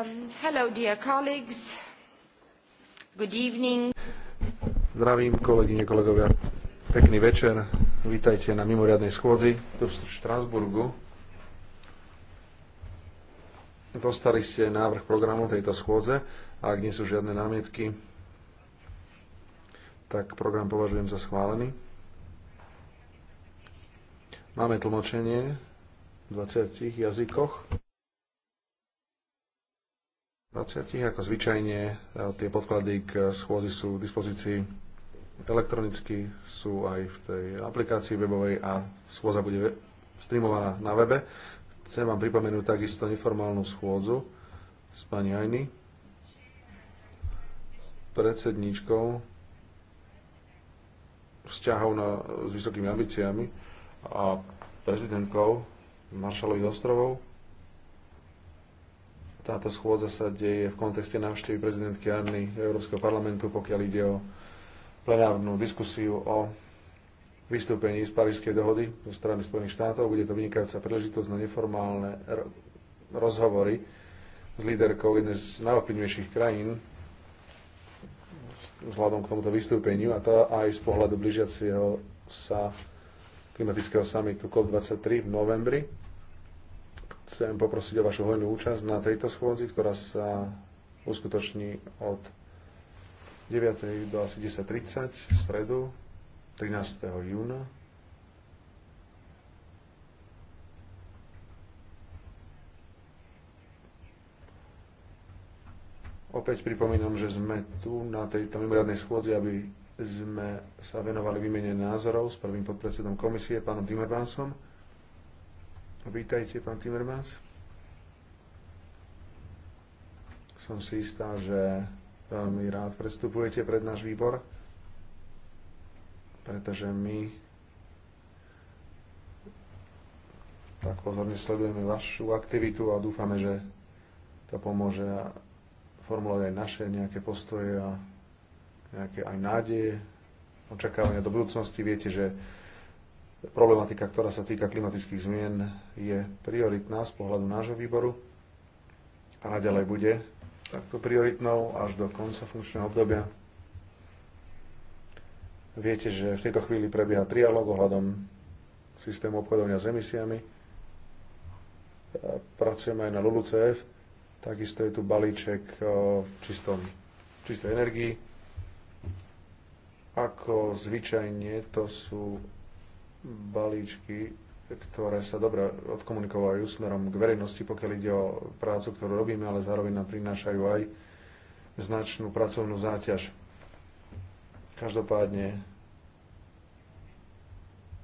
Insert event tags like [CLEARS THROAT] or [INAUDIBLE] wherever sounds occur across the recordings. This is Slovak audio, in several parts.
Um, hello, dear colleagues. Good evening. Zdravím kolegyne, kolegovia. Pekný večer. Vítajte na mimoriadnej schôdzi tu v Štrasburgu. Dostali ste návrh programu tejto schôdze a ak nie sú žiadne námietky, tak program považujem za schválený. Máme tlmočenie v 20 jazykoch. 20. Ako zvyčajne, e, tie podklady k schôzi sú v dispozícii elektronicky, sú aj v tej aplikácii webovej a schôza bude streamovaná na webe. Chcem vám pripomenúť takisto neformálnu schôdzu s pani Ajny, predsedníčkou vzťahov na, s vysokými ambíciami a prezidentkou Maršalových ostrovov táto schôdza sa deje v kontexte návštevy prezidentky Anny Európskeho parlamentu, pokiaľ ide o plenárnu diskusiu o vystúpení z Parískej dohody zo strany Spojených štátov. Bude to vynikajúca príležitosť na neformálne rozhovory s líderkou jednej z najovplyvnejších krajín vzhľadom k tomuto vystúpeniu a to aj z pohľadu blížiacieho sa klimatického samitu COP23 v novembri Chcem poprosiť o vašu hojnú účasť na tejto schôdzi, ktorá sa uskutoční od 9. do asi 10.30 v stredu 13. júna. Opäť pripomínam, že sme tu na tejto mimoriadnej schôdzi, aby sme sa venovali výmene názorov s prvým podpredsedom komisie, pánom Timmermansom. Vítajte, pán Timmermans. Som si istá, že veľmi rád predstupujete pred náš výbor, pretože my tak pozorne sledujeme vašu aktivitu a dúfame, že to pomôže formulovať aj naše nejaké postoje a nejaké aj nádeje, očakávania do budúcnosti. Viete, že problematika, ktorá sa týka klimatických zmien, je prioritná z pohľadu nášho výboru a naďalej bude takto prioritnou až do konca funkčného obdobia. Viete, že v tejto chvíli prebieha trialog ohľadom systému obchodovania s emisiami. Pracujeme aj na LULUCF, takisto je tu balíček o eh, čistom, čistej energii. Ako zvyčajne to sú balíčky, ktoré sa dobre odkomunikovajú smerom k verejnosti, pokiaľ ide o prácu, ktorú robíme, ale zároveň nám prinášajú aj značnú pracovnú záťaž. Každopádne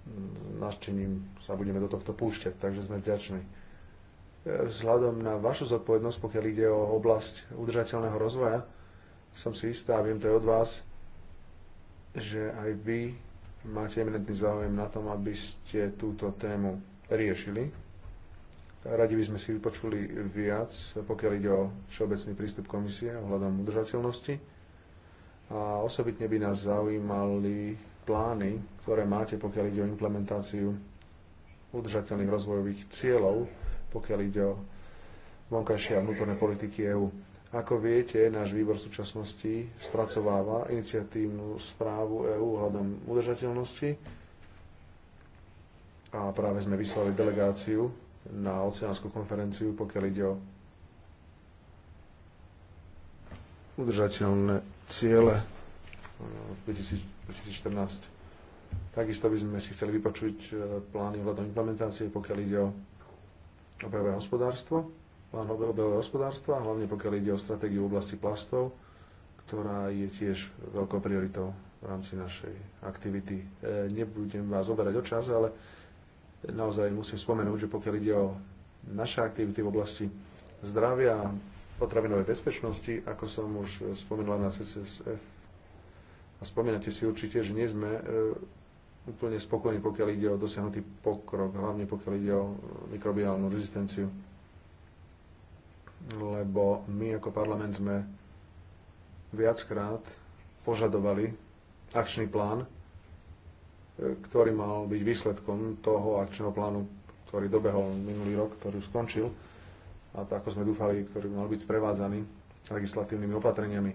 mm, naštením sa budeme do tohto púšťať, takže sme vďační. E, vzhľadom na vašu zodpovednosť, pokiaľ ide o oblasť udržateľného rozvoja, som si istá, a viem to je od vás, že aj vy máte eminentný záujem na tom, aby ste túto tému riešili. Radi by sme si vypočuli viac, pokiaľ ide o všeobecný prístup komisie ohľadom udržateľnosti. A osobitne by nás zaujímali plány, ktoré máte, pokiaľ ide o implementáciu udržateľných rozvojových cieľov, pokiaľ ide o vonkajšie a vnútorné politiky EÚ. Ako viete, náš výbor v súčasnosti spracováva iniciatívnu správu EÚ hľadom udržateľnosti a práve sme vyslali delegáciu na oceánsku konferenciu, pokiaľ ide o udržateľné ciele 2014. Eh, Takisto by sme si chceli vypočuť eh, plány hľadom implementácie, pokiaľ ide o obehové hospodárstvo plán obehového hospodárstva, hlavne pokiaľ ide o stratégiu v oblasti plastov, ktorá je tiež veľkou prioritou v rámci našej aktivity. E, nebudem vás oberať o čas, ale naozaj musím spomenúť, že pokiaľ ide o naše aktivity v oblasti zdravia a potravinovej bezpečnosti, ako som už spomenula na CCSF, a spomínate si určite, že nie sme e, úplne spokojní, pokiaľ ide o dosiahnutý pokrok, hlavne pokiaľ ide o mikrobiálnu rezistenciu lebo my ako parlament sme viackrát požadovali akčný plán, e, ktorý mal byť výsledkom toho akčného plánu, ktorý dobehol minulý rok, ktorý už skončil a to, ako sme dúfali, ktorý mal byť sprevádzaný legislatívnymi opatreniami.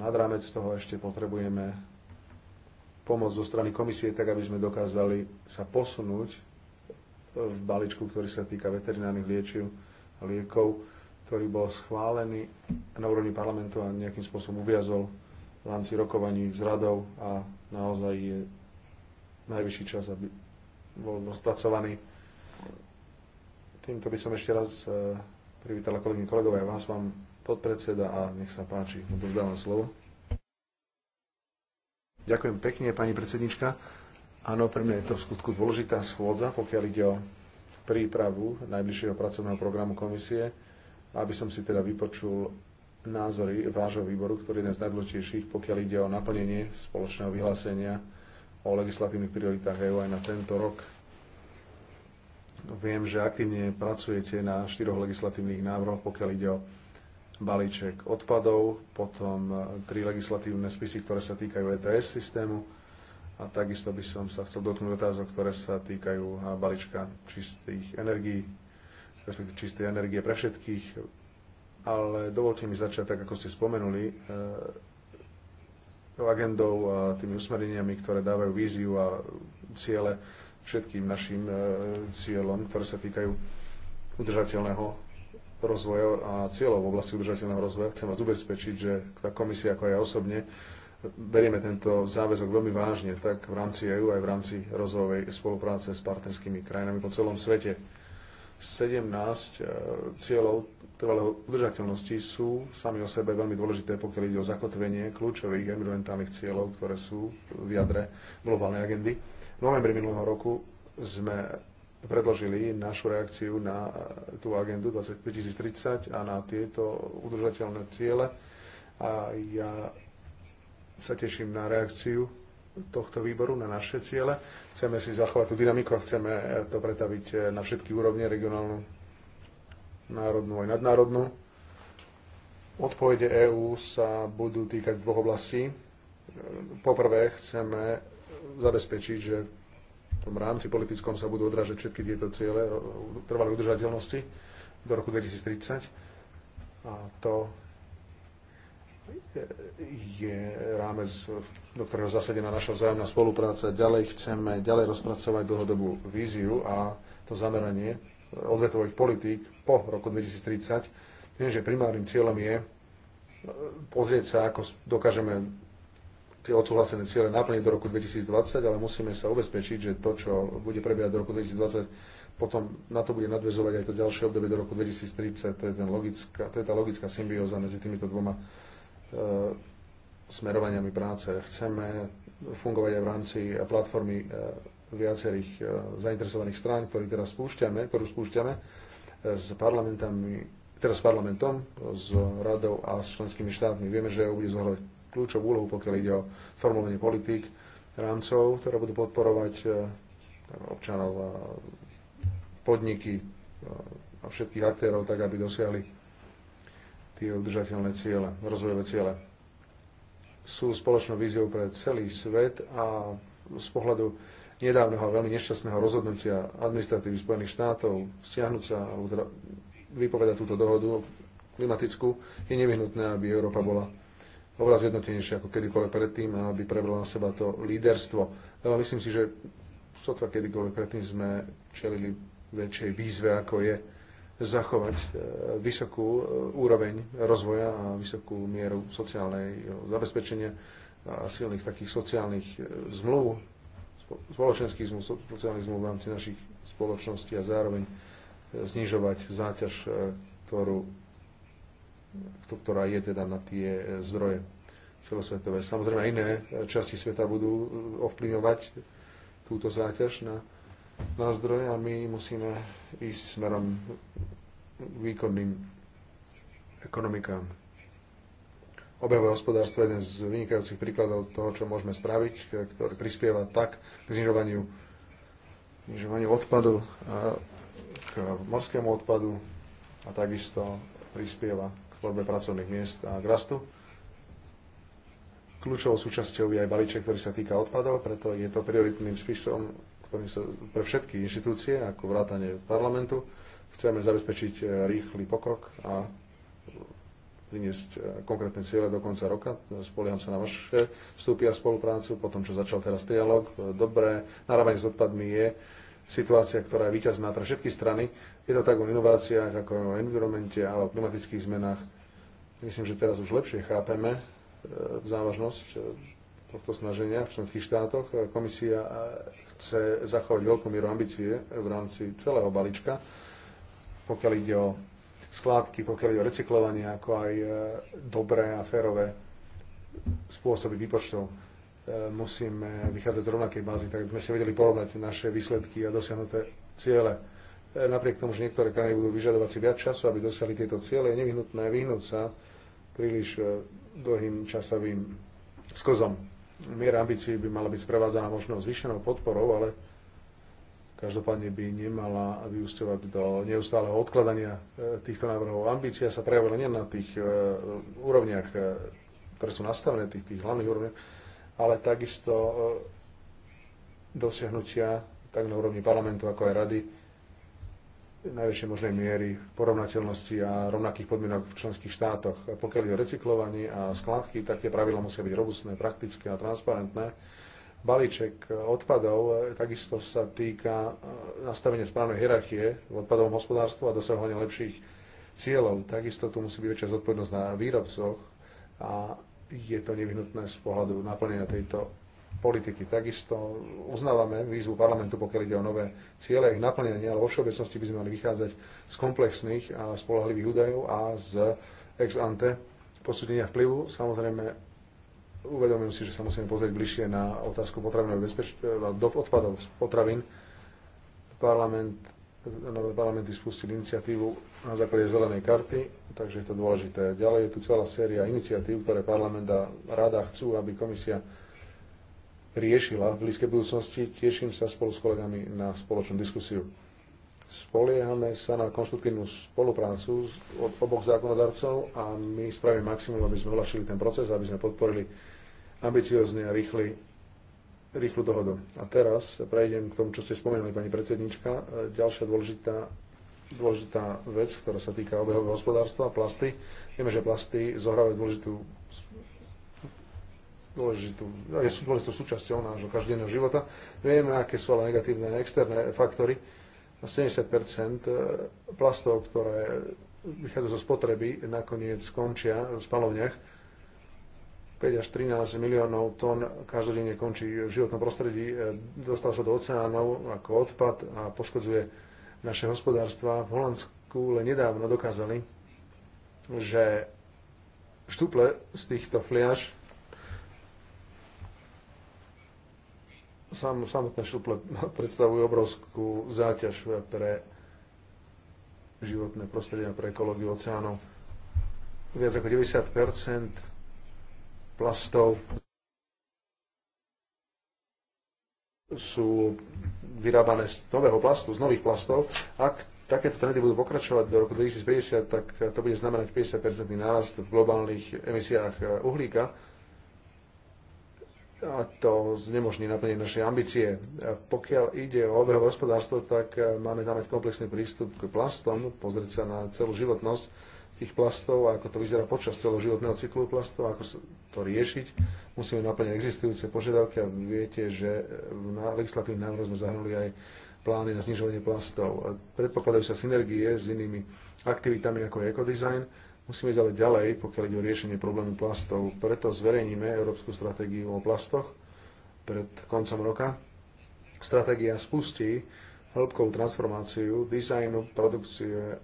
Nad rámec toho ešte potrebujeme pomoc zo strany komisie, tak aby sme dokázali sa posunúť v balíčku, ktorý sa týka veterinárnych liečiv liekov, ktorý bol schválený na úrovni parlamentu a nejakým spôsobom uviazol v rámci rokovaní s radou a naozaj je najvyšší čas, aby bol rozpracovaný. Týmto by som ešte raz e, privítala kolegyne kolegov a vás, vám podpredseda a nech sa páči, vzdávam slovo. Ďakujem pekne, pani predsednička. Áno, pre mňa je to v skutku dôležitá schôdza, pokiaľ ide o prípravu najbližšieho pracovného programu komisie, aby som si teda vypočul názory vášho výboru, ktorý je jeden z najdôležitejších, pokiaľ ide o naplnenie spoločného vyhlásenia o legislatívnych prioritách EU aj na tento rok. Viem, že aktívne pracujete na štyroch legislatívnych návrhoch, pokiaľ ide o balíček odpadov, potom e, tri legislatívne spisy, ktoré sa týkajú ETS systému, a takisto by som sa chcel dotknúť otázok, ktoré sa týkajú balíčka čistých energií, respektíve čistej energie pre všetkých. Ale dovolte mi začať, tak ako ste spomenuli, eh, agendou a tými usmereniami, ktoré dávajú víziu a ciele všetkým našim eh, cieľom, ktoré sa týkajú udržateľného rozvoja a cieľov v oblasti udržateľného rozvoja. Chcem vás ubezpečiť, že tá komisia, ako aj ja osobne, berieme tento záväzok veľmi vážne, tak v rámci EU aj v rámci rozvojovej spolupráce s partnerskými krajinami po celom svete. 17 e, cieľov trvalého udržateľnosti sú sami o sebe veľmi dôležité, pokiaľ ide o zakotvenie kľúčových environmentálnych cieľov, ktoré sú v jadre globálnej agendy. V novembri minulého roku sme predložili našu reakciu na tú agendu 2030 a na tieto udržateľné ciele. A ja sa teším na reakciu tohto výboru na naše ciele. Chceme si zachovať tú dynamiku a chceme to pretaviť eh, na všetky úrovne, regionálnu, národnú aj nadnárodnú. Odpovede EÚ sa budú týkať dvoch oblastí. Eh, poprvé chceme zabezpečiť, že v tom rámci politickom sa budú odrážať všetky tieto ciele trvalej udržateľnosti do roku 2030. A to je rámec, do ktorého zasadená naša vzájomná spolupráca. Ďalej chceme ďalej rozpracovať dlhodobú víziu a to zameranie odvetových politík po roku 2030. Viem, že primárnym cieľom je e, pozrieť sa, ako dokážeme tie odsúhlasené ciele naplniť do roku 2020, ale musíme sa ubezpečiť, že to, čo bude prebiehať do roku 2020, potom na to bude nadvezovať aj to ďalšie obdobie do roku 2030. To je, ten logická, to je tá logická symbióza medzi týmito dvoma E, smerovaniami práce. Chceme fungovať aj v rámci platformy e, viacerých e, zainteresovaných strán, ktorú teraz spúšťame, ktorú spúšťame s parlamentami, teraz s parlamentom, s radou a s členskými štátmi. Vieme, že bude zohrať kľúčovú úlohu, pokiaľ ide o formulovanie politík, rámcov, ktoré budú podporovať občanov a podniky a všetkých aktérov, tak aby dosiahli tie udržateľné ciele, rozvojové ciele. Sú spoločnou víziou pre celý svet a z pohľadu nedávneho a veľmi nešťastného rozhodnutia administratívy Spojených štátov stiahnuť sa alebo teda vypovedať túto dohodu klimatickú, je nevyhnutné, aby Európa bola oveľa zjednotenejšia ako kedykoľvek predtým a aby prebrala na seba to líderstvo. Lebo myslím si, že sotva kedykoľvek predtým sme čelili väčšej výzve, ako je zachovať e, vysokú e, úroveň rozvoja a vysokú mieru sociálnej e, zabezpečenia a silných takých sociálnych zmluv, spoločenských zmluv, sociálnych zmluv v rámci našich spoločností a zároveň znižovať záťaž, ktorú, ktorá je teda na tie zdroje celosvetové. Samozrejme, iné časti sveta budú ovplyvňovať túto záťaž na zdroje a my musíme ísť smerom výkonným ekonomikám. Obehové hospodárstvo je jeden z vynikajúcich príkladov toho, čo môžeme spraviť, ktorý prispieva tak k znižovaniu, znižovaniu odpadu, k morskému odpadu a takisto prispieva k tvorbe pracovných miest a k rastu. Kľúčovou súčasťou je aj balíček, ktorý sa týka odpadov, preto je to prioritným spisom ktorým sa pre všetky inštitúcie, ako vrátanie parlamentu, chceme zabezpečiť e, rýchly pokrok a priniesť e, konkrétne ciele do konca roka. Spolieham sa na vaše vstupy a spoluprácu. Po tom, čo začal teraz dialog, e, dobré narábanie s odpadmi je situácia, ktorá je výťazná pre všetky strany. Je to tak o inováciách, ako o environmente a o klimatických zmenách. Myslím, že teraz už lepšie chápeme závažnosť tohto snaženia v členských štátoch. Komisia chce zachovať veľkú mieru ambície v rámci celého balíčka, pokiaľ ide o skládky, pokiaľ ide o recyklovanie, ako aj e, dobré a férové spôsoby výpočtov. E, musíme vychádzať z rovnakej bázy, tak aby sme si vedeli porovnať naše výsledky a dosiahnuté ciele. E, napriek tomu, že niektoré krajiny budú vyžadovať si viac času, aby dosiahli tieto ciele, je nevyhnutné vyhnúť sa príliš dlhým časovým sklzom miera ambícií by mala byť sprevádzaná možno zvýšenou podporou, ale každopádne by nemala vyústovať do neustáleho odkladania e, týchto návrhov. Ambícia sa prejavila nie na tých e, úrovniach, e, ktoré sú nastavené, tých, tých hlavných úrovniach, ale takisto dosiahnutia tak na úrovni parlamentu, ako aj rady, najväčšej možnej miery porovnateľnosti a rovnakých podmienok v členských štátoch. Pokiaľ je o recyklovanie a skladky, tak tie pravidla musia byť robustné, praktické a transparentné. Balíček odpadov e, takisto sa týka e, nastavenia správnej hierarchie v odpadovom hospodárstvu a dosahovania lepších cieľov. Takisto tu musí byť väčšia zodpovednosť na výrobcoch a je to nevyhnutné z pohľadu naplnenia tejto politiky. Takisto uznávame výzvu parlamentu, pokiaľ ide o nové ciele ich naplnenie, ale vo všeobecnosti by sme mali vychádzať z komplexných a spolahlivých údajov a z ex ante posúdenia vplyvu. Samozrejme, uvedomujem si, že sa musíme pozrieť bližšie na otázku potravinovej bezpeč- odpadov z potravín. Parlament, nové parlamenty spustili iniciatívu na základe zelenej karty, takže je to dôležité. Ďalej je tu celá séria iniciatív, ktoré parlament a rada chcú, aby komisia riešila v blízkej budúcnosti. Teším sa spolu s kolegami na spoločnú diskusiu. Spoliehame sa na konštruktívnu spoluprácu od oboch zákonodarcov a my spravíme maximum, aby sme uľahčili ten proces, aby sme podporili ambiciozne a rýchly, rýchlu dohodu. A teraz prejdem k tomu, čo ste spomenuli, pani predsednička. Ďalšia dôležitá dôležitá vec, ktorá sa týka obehového hospodárstva, plasty. Vieme, že plasty zohrávajú dôležitú dôležitú, sú dôležitou súčasťou nášho každodenného života. Vieme, aké sú ale negatívne externé faktory. 70 e, plastov, ktoré vychádzajú zo spotreby, nakoniec skončia v spalovniach. 5 až 13 miliónov tón každodenne končí v životnom prostredí, e, dostáva sa do oceánov ako odpad a poškodzuje naše hospodárstva. V Holandsku len nedávno dokázali, že štuple z týchto fliaž sam, samotné šuple predstavujú obrovskú záťaž pre životné prostredie a pre ekológiu oceánov. Viac ako 90 plastov sú vyrábané z nového plastu, z nových plastov. Ak takéto trendy budú pokračovať do roku 2050, tak to bude znamenať 50-percentný nárast v globálnych emisiách uhlíka a to znemožní naplniť naše ambície. Pokiaľ ide o obehové hospodárstvo, tak e, máme tam mať komplexný prístup k plastom, pozrieť sa na celú životnosť tých plastov, ako to vyzerá počas celoživotného cyklu plastov, ako to riešiť. Musíme naplniť existujúce požiadavky a viete, že v e, legislatívny návrhu sme zahrnuli aj plány na znižovanie plastov. Predpokladajú sa synergie s inými aktivitami ako je ekodizajn, Musíme ísť ale ďalej, pokiaľ ide o riešenie problému plastov. Preto zverejníme Európsku stratégiu o plastoch pred koncom roka. Stratégia spustí hĺbkovú transformáciu dizajnu, produkcie,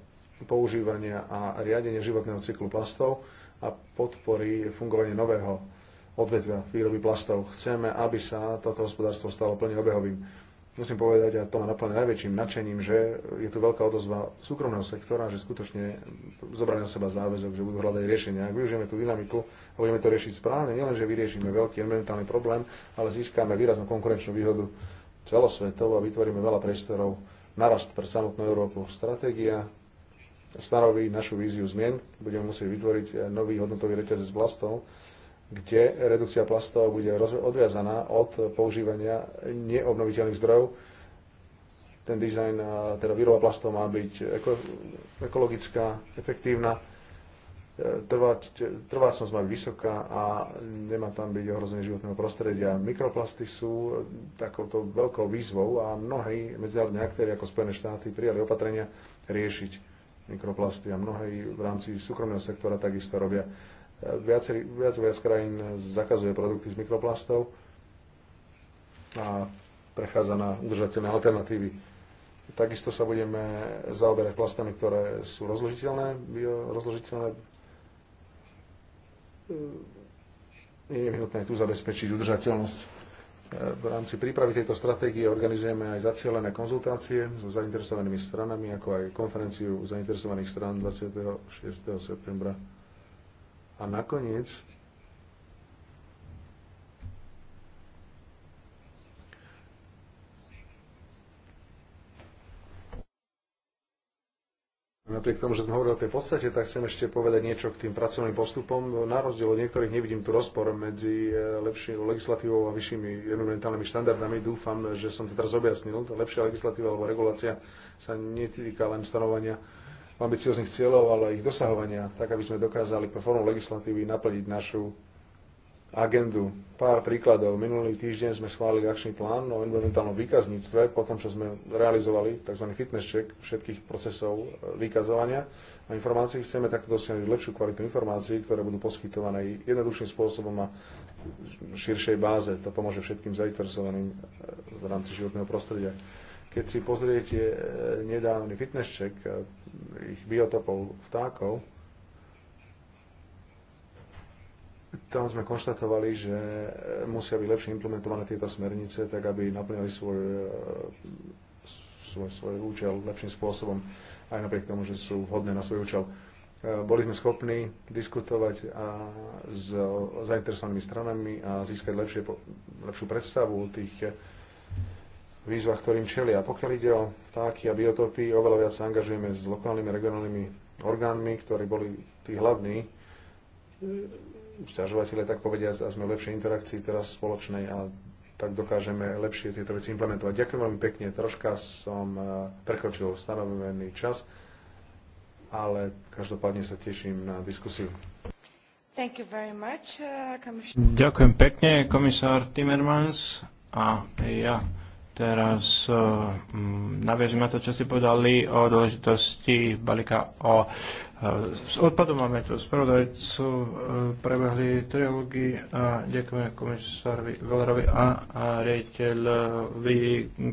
používania a riadenie životného cyklu plastov a podporí fungovanie nového odvetvia výroby plastov. Chceme, aby sa toto hospodárstvo stalo plne obehovým musím povedať, a to ma naplne najväčším nadšením, že je tu veľká odozva súkromného sektora, že skutočne zobrali na seba záväzok, že budú hľadať riešenia. Ak využijeme tú dynamiku a budeme to riešiť správne, nielen, že vyriešime veľký environmentálny problém, ale získame výraznú konkurenčnú výhodu celosvetovo a vytvoríme veľa priestorov narast pre samotnú Európu. Stratégia stanoví našu víziu zmien. Budeme musieť vytvoriť nový hodnotový reťazec vlastov kde redukcia plastov bude odviazaná od používania neobnoviteľných zdrojov. Ten dizajn, teda výroba plastov má byť eko, ekologická, efektívna, e, trvať, trvácnosť má byť vysoká a nemá tam byť ohrozenie životného prostredia. Mikroplasty sú takouto veľkou výzvou a mnohí medzinárodní aktéry ako Spojené štáty prijali opatrenia riešiť mikroplasty a mnohí v rámci súkromného sektora takisto robia. Viac, viac, viac krajín zakazuje produkty z mikroplastov a prechádza na udržateľné alternatívy. Takisto sa budeme zaoberať plastami, ktoré sú rozložiteľné, biorozložiteľné. Je nevyhnutné tu zabezpečiť udržateľnosť. V rámci prípravy tejto stratégie organizujeme aj zacielené konzultácie so zainteresovanými stranami, ako aj konferenciu zainteresovaných stran 26. septembra a nakoniec Napriek tomu, že sme hovorili o tej podstate, tak chcem ešte povedať niečo k tým pracovným postupom. Na rozdiel od niektorých nevidím tu rozpor medzi eh, lepšou legislatívou a vyššími environmentálnymi štandardami. Dúfam, že som to teraz objasnil. lepšia legislatíva alebo regulácia sa netýka len stanovania ambicioznych cieľov, ale ich dosahovania, tak aby sme dokázali pre formu legislatívy naplniť našu agendu. Pár príkladov. Minulý týždeň sme schválili akčný plán o environmentálnom výkazníctve, po tom, čo sme realizovali tzv. fitness check všetkých procesov e, vykazovania a informácií. Chceme takto dosiahnuť lepšiu kvalitu informácií, ktoré budú poskytované jednoduchším spôsobom a širšej báze. To pomôže všetkým zainteresovaným e, v rámci životného prostredia. Keď si pozriete e, nedávny fitness check e, ich biotopov vtákov, tam sme konštatovali, že e, musia byť lepšie implementované tieto smernice, tak aby naplňali svoj, svoj, svoj účel lepším spôsobom, aj napriek tomu, že sú vhodné na svoj účel. Boli sme schopní diskutovať a s zainteresovanými stranami a získať lepšie, lepšiu predstavu tých výzva, ktorým čeli. A Pokiaľ ide o vtáky a biotopy, oveľa viac sa angažujeme s lokálnymi regionálnymi orgánmi, ktorí boli tí hlavní e, sťažovateľe, tak povediať, a sme v lepšej interakcii teraz spoločnej a tak dokážeme lepšie tieto veci implementovať. Ďakujem veľmi pekne, troška som e, prekročil stanovený čas, ale každopádne sa teším na diskusiu. Much, uh, Ďakujem pekne, komisár Timmermans. A ja Teraz uh, naviažem na to, čo ste povedali o dôležitosti balíka o eh, s odpadom máme tu spravodajcu, eh, prebehli trialógy a ďakujeme komisárovi Velerovi a, a riaditeľovi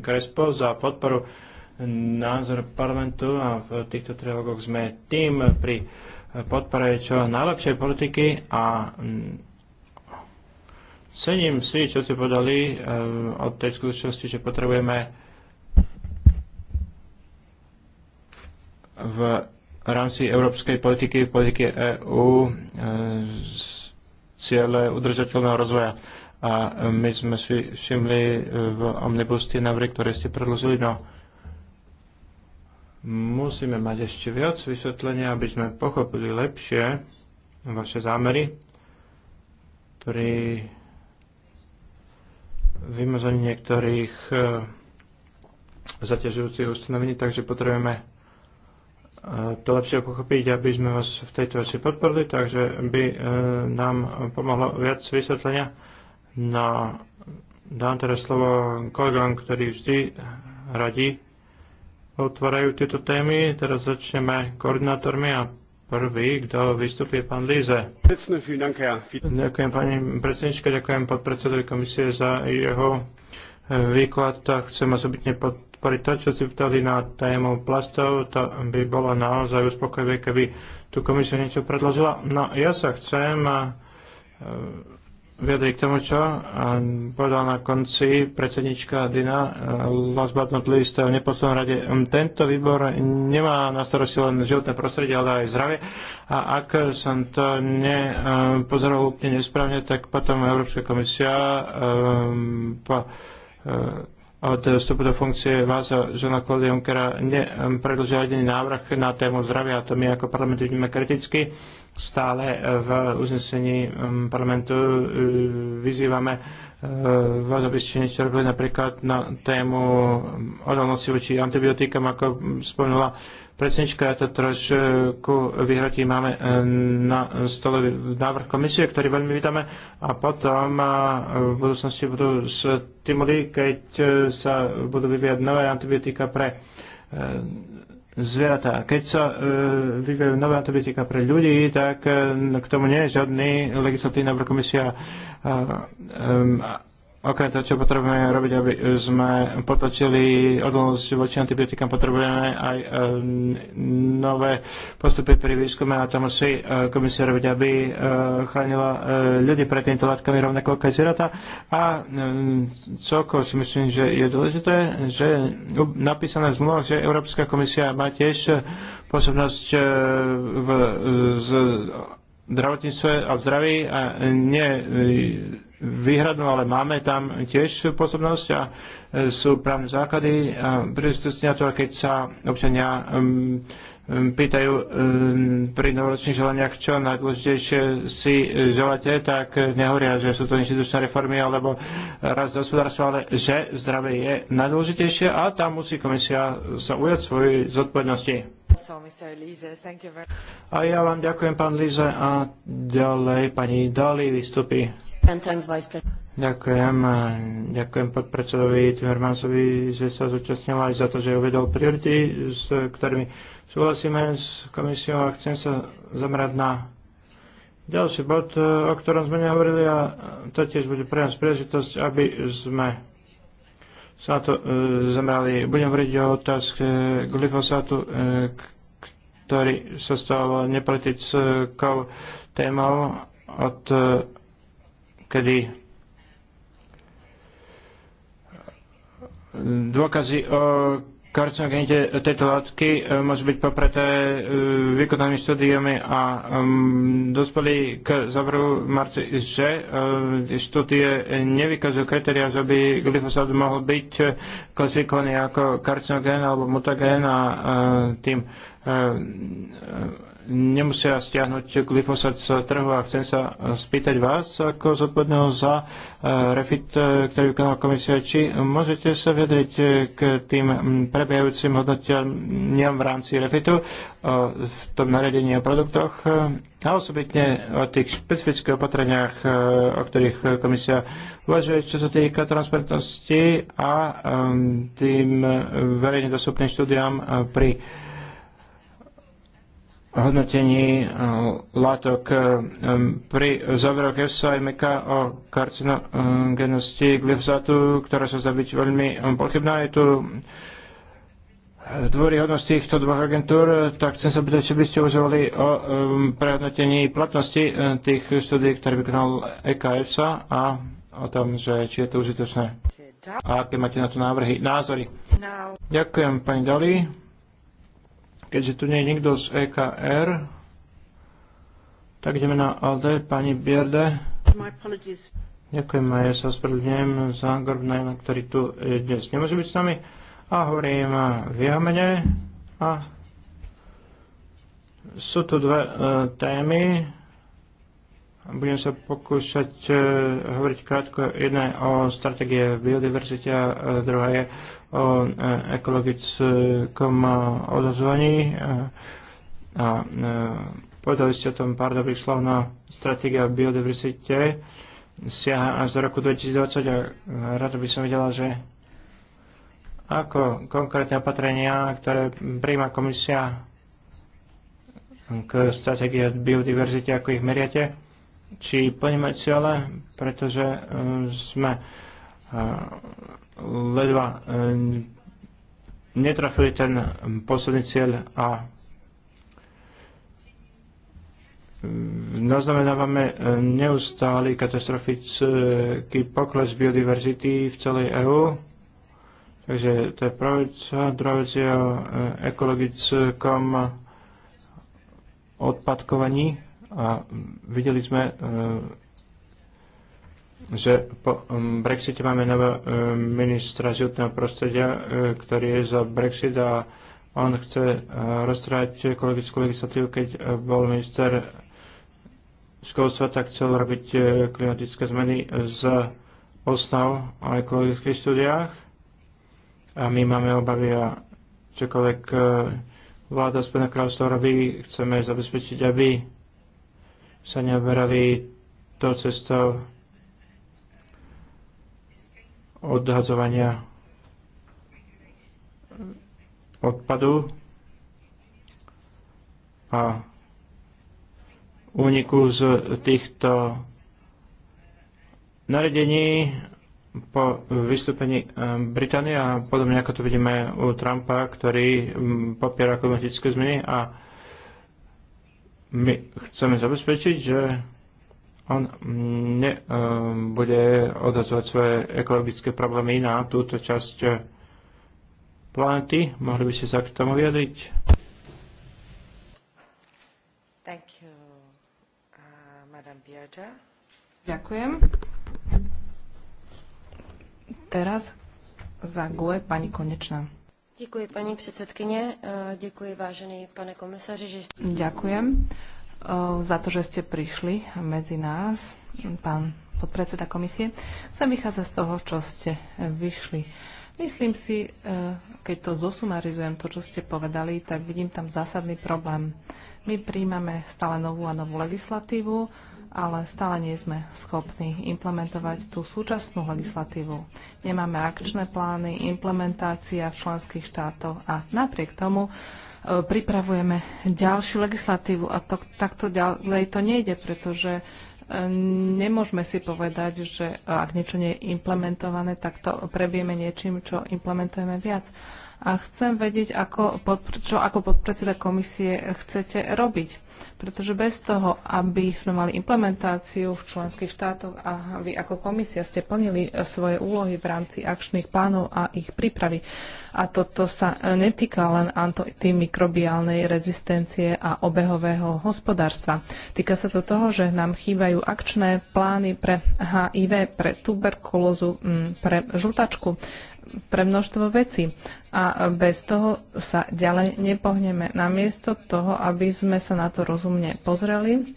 Krespo za podporu názor parlamentu a v týchto trialógoch sme tým pri podpore čo najlepšej politiky a mm, Cením si, čo ste podali eh, od tej skutočnosti, že potrebujeme v rámci európskej politiky, politiky EÚ, eh, ciele udržateľného rozvoja. A my sme si všimli eh, v Omnibus tie návrhy, ktoré ste predložili, no musíme mať ešte viac vysvetlenia, aby sme pochopili lepšie vaše zámery pri vymazanie niektorých e, zaťažujúcich ustanovení, takže potrebujeme e, to lepšie pochopiť, aby sme vás v tejto veci podporili, takže by e, nám pomohlo viac vysvetlenia. No, dám teraz slovo kolegom, ktorí vždy radi otvárajú tieto témy. Teraz začneme koordinátormi a Prvý, kto vystupí, pán Líze. Ďakujem pani predsednička, ďakujem podpredsedovi komisie za jeho eh, výklad. Tak chcem osobitne podporiť to, čo si ptali na tému plastov. To by bolo naozaj uspokojivé, keby tu komisia niečo predložila. No ja sa chcem eh, vyjadri k tomu, čo povedal na konci predsednička Dina Last but not least v neposlednom rade. Tento výbor nemá na starosti len životné prostredie, ale aj zdravie. A ak som to nepozeral úplne nesprávne, tak potom Európska komisia po od vstupu do funkcie vás a žena Klaudia Junckera nepredlžila jediný návrh na tému zdravia a to my ako parlament vidíme kriticky stále v uznesení um, parlamentu uh, vyzývame uh, veľa aby ste niečo robili napríklad na tému um, odolnosti voči antibiotikám, ako spomenula predsednička, ja to trošku vyhratí Máme uh, na stole návrh komisie, ktorý veľmi vítame a potom v budúcnosti budú tým keď sa budú vyvíjať nové antibiotika pre zvieratá. Keď sa e, vyvíjajú nové antibiotika pre ľudí, tak e, k tomu nie je žiadny legislatívna komisia e, e, Okrem toho, čo potrebujeme robiť, aby sme potočili odolnosť voči antibiotikám, potrebujeme aj ehm, nové postupy pri výskume a to musí e, komisia robiť, aby e, chránila e, ľudí pred týmito látkami rovnako ako aj zvieratá. A ehm, celkovo si myslím, že je dôležité, že napísané v zmluvách, že Európska komisia má tiež pôsobnosť v, z zdravotníctve a v zdraví a nie e, výhradnú, ale máme tam tiež pôsobnosť a e, sú právne základy a príležitosti na to, keď sa občania pýtajú pri novoročných želaniach, čo najdôležitejšie si e, želáte, tak e, nehovoria, že sú to inštitučné reformy alebo rast hospodárstva, ale že zdravie je najdôležitejšie a tam musí komisia sa ujať svojej zodpovednosti. A ja vám ďakujem, pán Líze, a ďalej pani Dali vystupí. Ďakujem. Ďakujem podpredsedovi Timmermansovi, že sa zúčastnil aj za to, že uvedol priority, s ktorými Súhlasíme s komisiou a chcem sa zamerať na ďalší bod, e, o ktorom sme nehovorili a to tiež bude pre nás príležitosť, aby sme sa na to e, zamerali. Budem hovoriť o otázke glyfosátu, e, ktorý sa stal nepolitickou témou od e, kedy dôkazy o karcinogenite tejto látky e, môže byť popreté e, výkonnými štúdiami a dospeli k záveru Marci, že e, štúdie nevykazujú kritéria, že by glyfosát mohol byť klasifikovaný ako karcinogen alebo mutagen a tým nemusia stiahnuť glyfosát z trhu a chcem sa eh, spýtať vás ako zodpovedného za eh, refit, eh, ktorý vykonala komisia, či môžete sa vyjadriť k tým mm, prebiehajúcim hodnoteniam v rámci refitu v tom naredení o produktoch a osobitne o tých špecifických opatreniach, o ktorých komisia uvažuje, čo sa týka transparentnosti a tým verejne dostupným štúdiám pri hodnotení e, látok e, pri záveroch EFSA aj MEKA o karcinogenosti glyfzatu, ktorá sa zdá byť veľmi e, pochybná. Je tu hodnosti týchto dvoch agentúr, tak chcem sa pýtať, či by ste uvažovali o um, prehodnotení platnosti tých štúdí, ktoré vykonal EKFSA a o tom, že či je to užitočné. A aké máte na to návrhy, názory. Ďakujem, pani Dali. Keďže tu nie je nikto z EKR, tak ideme na ALDE, pani Bierde. Ďakujem ja sa ospravedlňujem za Gorbnajna, ktorý tu dnes nemôže byť s nami. A hovorím v jeho mene. A sú tu dve e, témy budem sa pokúšať e, hovoriť krátko. Jedna je o stratégie biodiverzite a e, druhá je o e, ekologickom odozvaní. A povedali ste o tom pár dobrých slov na no stratégia biodiverzite siaha až do roku 2020 a rado by som videla, že ako konkrétne opatrenia, ktoré príjma komisia k stratégii biodiverzite, ako ich meriate, či plníme ciele, pretože e, sme e, ledva e, netrafili ten posledný cieľ a naznamenávame neustály katastrofický pokles biodiverzity v celej EÚ. Takže to je prvá vec. Druhá vec je o ekologickom odpadkovaní a videli sme, e, že po Brexite máme nového e, ministra životného prostredia, e, ktorý je za Brexit a on chce roztrhať ekologickú legislatívu, keď bol minister školstva, tak chcel robiť klimatické zmeny z osnov o ekologických štúdiách. A my máme obavy a čokoľvek vláda Spojeného kráľovstva robí, chceme zabezpečiť, aby sa neberali to cestou odhadzovania odpadu a úniku z týchto naredení po vystúpení eh, Británie a podobne ako to vidíme u Trumpa, ktorý mm, popiera klimatické zmeny a my chceme zabezpečiť, že on ne, um, bude odhlasovať svoje ekologické problémy na túto časť eh, planety. Mohli by ste sa k tomu vyjadriť? Thank you, uh, Madam Bierda. Ďakujem. Teraz za GUE pani Konečná. Ďakujem pani předsedkyně. Eh, děkuji, vážený pane komisáři. že ste... Ďakujem eh, za to, že ste prišli medzi nás, pán podpredseda komisie. Chcem vychádzať z toho, čo ste vyšli. Myslím si, eh, keď to zosumarizujem, to, čo ste povedali, tak vidím tam zásadný problém. My príjmame stále novú a novú legislatívu, ale stále nie sme schopní implementovať tú súčasnú legislatívu. Nemáme akčné plány, implementácia v členských štátoch a napriek tomu e, pripravujeme ďalšiu legislatívu a to, takto ďalej to nejde, pretože e, nemôžeme si povedať, že ak niečo nie je implementované, tak to prebieme niečím, čo implementujeme viac a chcem vedieť, ako, čo ako podpredseda komisie chcete robiť. Pretože bez toho, aby sme mali implementáciu v členských štátoch a vy ako komisia ste plnili e, svoje úlohy v rámci akčných plánov a ich prípravy. A toto sa e, netýka len antimikrobiálnej rezistencie a obehového hospodárstva. Týka sa to toho, že nám chýbajú akčné plány pre HIV, pre tuberkulózu, pre žltačku pre množstvo vecí. A bez toho sa ďalej nepohneme. Namiesto toho, aby sme sa na to rozumne pozreli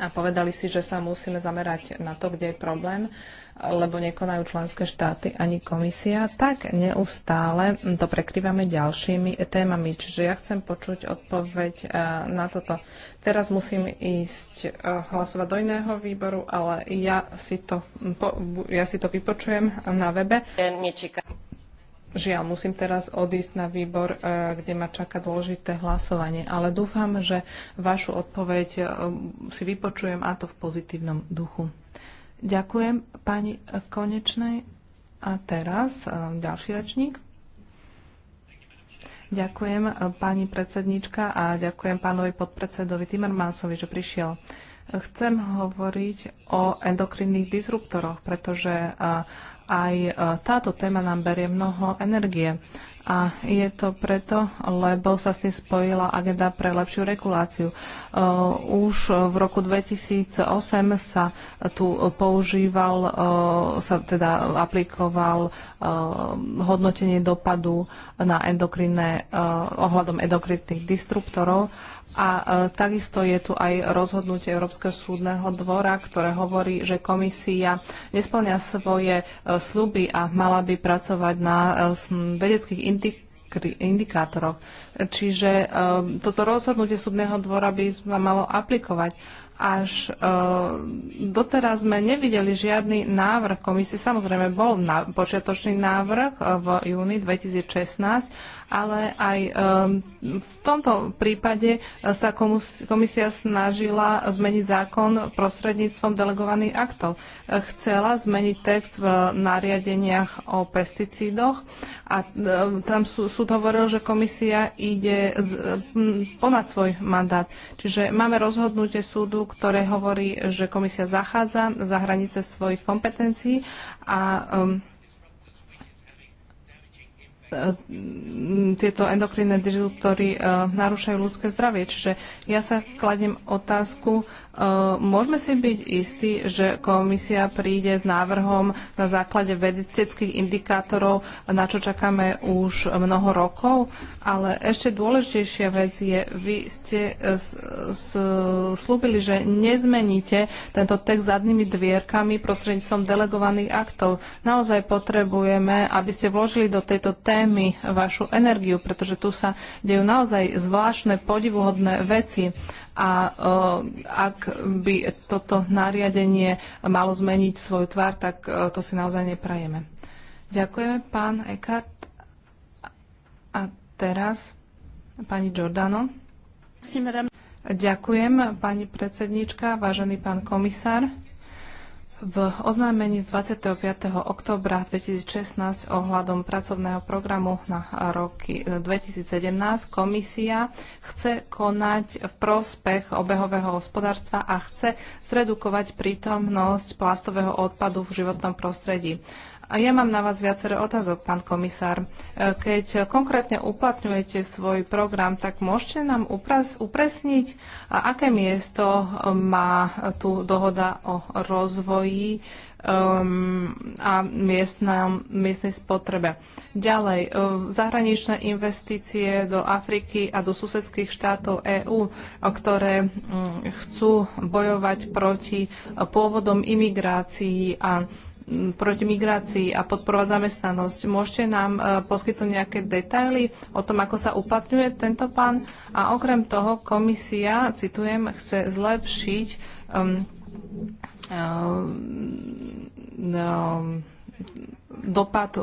a povedali si, že sa musíme zamerať na to, kde je problém, lebo nekonajú členské štáty ani komisia, tak neustále to prekrývame ďalšími témami. Čiže ja chcem počuť odpoveď eh, na toto. Teraz musím ísť eh, hlasovať do iného výboru, ale ja si to, ja si to vypočujem na webe. Žiaľ, musím teraz odísť na výbor, eh, kde ma čaká dôležité hlasovanie, ale dúfam, že vašu odpoveď si vypočujem a to v pozitívnom duchu. Ďakujem pani Konečnej. A teraz e, ďalší rečník. Ďakujem e, pani predsednička a ďakujem pánovi podpredsedovi Timmermansovi, že prišiel. Chcem hovoriť o endokrinných disruptoroch, pretože e, aj táto téma nám berie mnoho energie. A je to preto, lebo sa s tým spojila agenda pre lepšiu reguláciu. Uh, už v roku 2008 sa tu používal, uh, sa teda aplikoval uh, hodnotenie dopadu na endokrinné, ohľadom endokrinných disruptorov a e, takisto je tu aj rozhodnutie Európskeho súdneho dvora, ktoré hovorí, že komisia nesplňa svoje e, sluby a mala by pracovať na e, vedeckých indikátoroch. Čiže um, toto rozhodnutie súdneho dvora by sa malo aplikovať až um, doteraz sme nevideli žiadny návrh komisie. Samozrejme, bol na, počiatočný návrh uh, v júni 2016 ale aj ehm, v tomto prípade e, sa komisia snažila zmeniť zákon prostredníctvom delegovaných aktov. E, chcela zmeniť text v nariadeniach o pesticídoch a ehm, tam súd hovoril, že komisia ide ponad svoj mandát. Čiže máme rozhodnutie súdu, ktoré hovorí, že komisia zachádza za hranice svojich kompetencií a um, E, tieto endokrinné disruptory e, narúšajú ľudské zdravie. Čiže ja sa kladem otázku, e, môžeme si byť istí, že komisia príde s návrhom na základe vedeckých indikátorov, na čo čakáme už mnoho rokov, ale ešte dôležitejšia vec je, vy ste slúbili, že nezmeníte tento text zadnými dvierkami prostredníctvom delegovaných aktov. Naozaj potrebujeme, aby ste vložili do tejto témy témy, vašu energiu, pretože tu sa dejú naozaj zvláštne, podivuhodné veci. A e, ak by toto nariadenie malo zmeniť svoju tvár, tak e, to si naozaj neprajeme. Ďakujeme, pán Eckart. A teraz pani Giordano. Ďakujem, pani predsednička, vážený pán komisár. V oznámení z 25. oktobra 2016 ohľadom pracovného programu na roky 2017 komisia chce konať v prospech obehového hospodárstva a chce zredukovať prítomnosť plastového odpadu v životnom prostredí. A ja mám na vás viacero otázok, pán komisár. E, keď konkrétne uplatňujete svoj program, tak môžete nám upresniť, aké miesto e, má tu dohoda o rozvoji um, a miestnej spotrebe. Ďalej, zahraničné investície do Afriky a do susedských štátov EÚ, ktoré chcú bojovať proti pôvodom imigrácií a proti migrácii a podporovať zamestnanosť. Môžete nám e, poskytnúť nejaké detaily o tom, ako sa uplatňuje tento plán? A okrem toho komisia, citujem, chce zlepšiť um, um, um dopad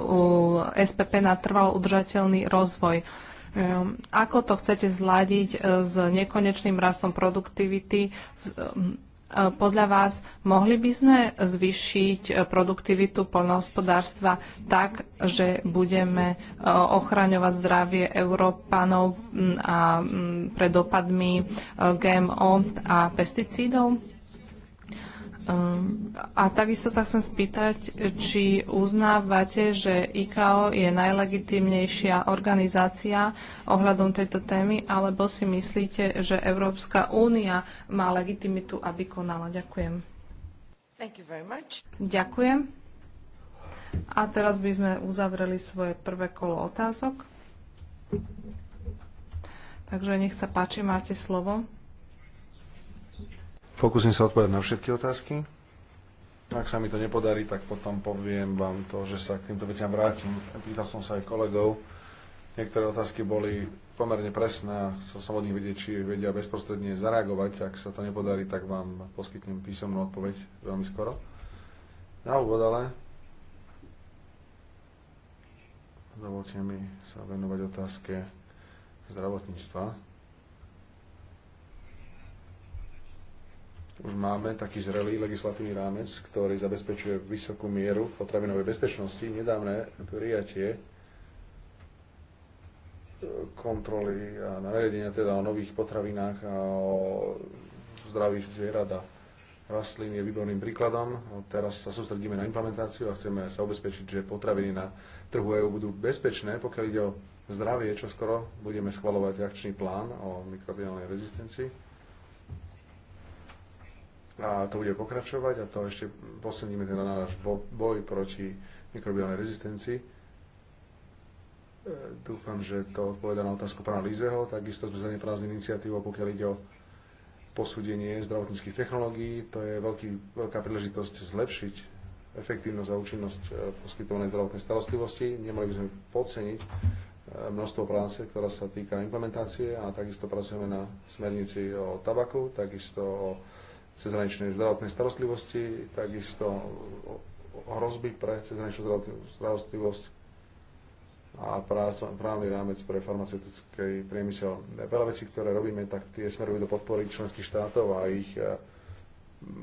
SPP na trvalo udržateľný rozvoj. Um, ako to chcete zladiť e, s nekonečným rastom produktivity? Um, E, podľa vás, mohli by sme zvyšiť e, produktivitu poľnohospodárstva tak, že budeme e, ochraňovať zdravie Európanov a pred dopadmi GMO a pesticídov? A takisto sa chcem spýtať, či uznávate, že IKO je najlegitímnejšia organizácia ohľadom tejto témy, alebo si myslíte, že Európska únia má legitimitu, aby konala? Ďakujem. Ďakujem. A teraz by sme uzavreli svoje prvé kolo otázok. Takže nech sa páči, máte slovo. Pokúsim sa odpovedať na všetky otázky. Ak sa mi to nepodarí, tak potom poviem vám to, že sa k týmto veciam vrátim. Pýtal som sa aj kolegov. Niektoré otázky boli pomerne presné chcel som od nich vedieť, či vedia bezprostredne zareagovať. Ak sa to nepodarí, tak vám poskytnem písomnú odpoveď veľmi skoro. Na úvod ale dovolte mi sa venovať otázke zdravotníctva. už máme taký zrelý legislatívny rámec, ktorý zabezpečuje vysokú mieru potravinovej bezpečnosti. Nedávne prijatie e, kontroly a nariadenia teda o nových potravinách a o zdraví zvierat a rastlín je výborným príkladom. No, teraz sa sústredíme na implementáciu a chceme sa ubezpečiť, že potraviny na trhu EU budú bezpečné. Pokiaľ ide o zdravie, čo skoro budeme schvalovať akčný plán o mikrobiálnej rezistencii a to bude pokračovať a to ešte teda ten náš boj proti mikrobiálnej rezistencii. E, dúfam, že to odpoveda na otázku pána Lízeho. Takisto sme zaneprázdnili iniciatívu, pokiaľ ide o posúdenie zdravotníckých technológií. To je veľký, veľká príležitosť zlepšiť efektívnosť a účinnosť e, poskytovanej zdravotnej starostlivosti. Nemali by sme podceniť e, množstvo práce, ktorá sa týka implementácie a takisto pracujeme na smernici o tabaku, takisto o cezhraničnej zdravotnej starostlivosti, takisto hrozby pre cezhraničnú starostlivosť a právny rámec pre farmaceutický priemysel. Veľa vecí, ktoré robíme, tak tie smerujú do podpory členských štátov a ich eh,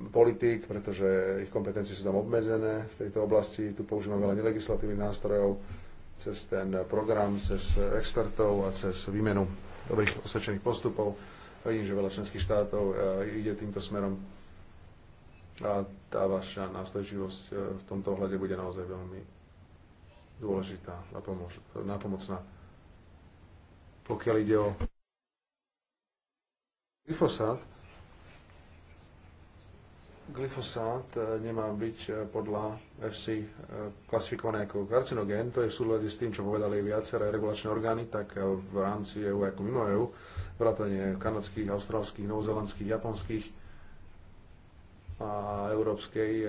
politík, pretože ich kompetencie sú tam obmedzené v tejto oblasti. Tu používame veľa nelegislatívnych nástrojov cez ten program, cez expertov a cez výmenu dobrých osvedčených postupov. Vidím, že veľa členských štátov e, ide týmto smerom a tá vaša následčivosť e, v tomto ohľade bude naozaj veľmi dôležitá a napomocná. Pokiaľ ide o glyfosát, glyfosát e, nemá byť podľa FC klasifikované ako karcinogén, to je v súhľade s tým, čo povedali viaceré regulačné orgány, tak v rámci EU ako mimo EU vrátane kanadských, austrálskych, novozelandských, japonských a Európskej e,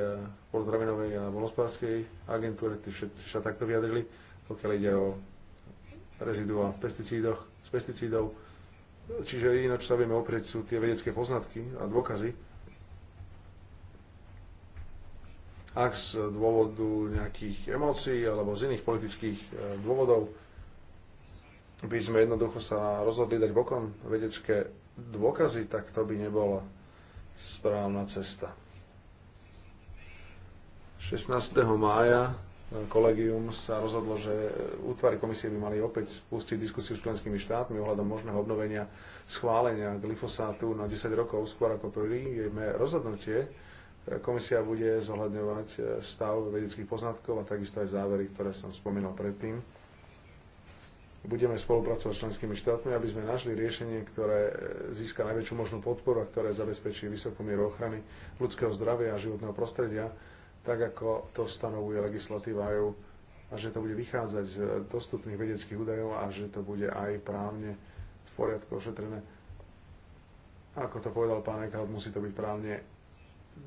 polotravinovej a volnospodárskej agentúre, tie všetci sa takto vyjadrili, pokiaľ ide o rezidua v pesticídoch, z pesticídov. Čiže jediné, čo sa vieme oprieť, sú tie vedecké poznatky a dôkazy. Ak z dôvodu nejakých emócií alebo z iných politických e, dôvodov by sme jednoducho sa rozhodli dať bokom vedecké dôkazy, tak to by nebola správna cesta. 16. mája kolegium sa rozhodlo, že útvary komisie by mali opäť spustiť diskusiu s členskými štátmi ohľadom možného obnovenia schválenia glyfosátu na 10 rokov skôr ako príjme rozhodnutie. Komisia bude zohľadňovať stav vedeckých poznatkov a takisto aj závery, ktoré som spomínal predtým budeme spolupracovať s členskými štátmi, aby sme našli riešenie, ktoré e, získa najväčšiu možnú podporu a ktoré zabezpečí vysokú mieru ochrany ľudského zdravia a životného prostredia, tak ako to stanovuje legislatíva EU a že to bude vychádzať z e, dostupných vedeckých údajov a že to bude aj právne v poriadku ošetrené. Ako to povedal pán Eckhout, musí to byť právne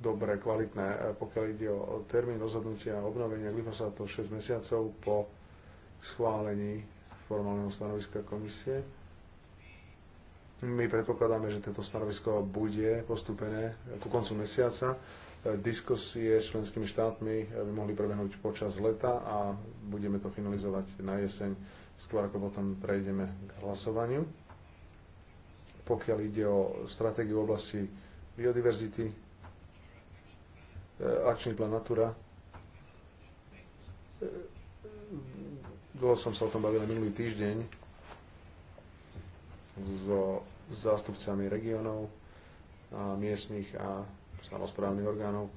dobre, kvalitné. E, pokiaľ ide o termín rozhodnutia a obnovenia glyfosátu 6 mesiacov po schválení formálneho stanoviska komisie. My predpokladáme, že toto stanovisko bude postupené ku koncu mesiaca. Diskusie s členskými štátmi by mohli prebehnúť počas leta a budeme to finalizovať na jeseň, skôr ako potom prejdeme k hlasovaniu. Pokiaľ ide o stratégiu v oblasti biodiverzity, e, akčný plán Natura, Dlho som sa o tom bavil minulý týždeň so zástupcami regionov, a miestnych a samozprávnych orgánov.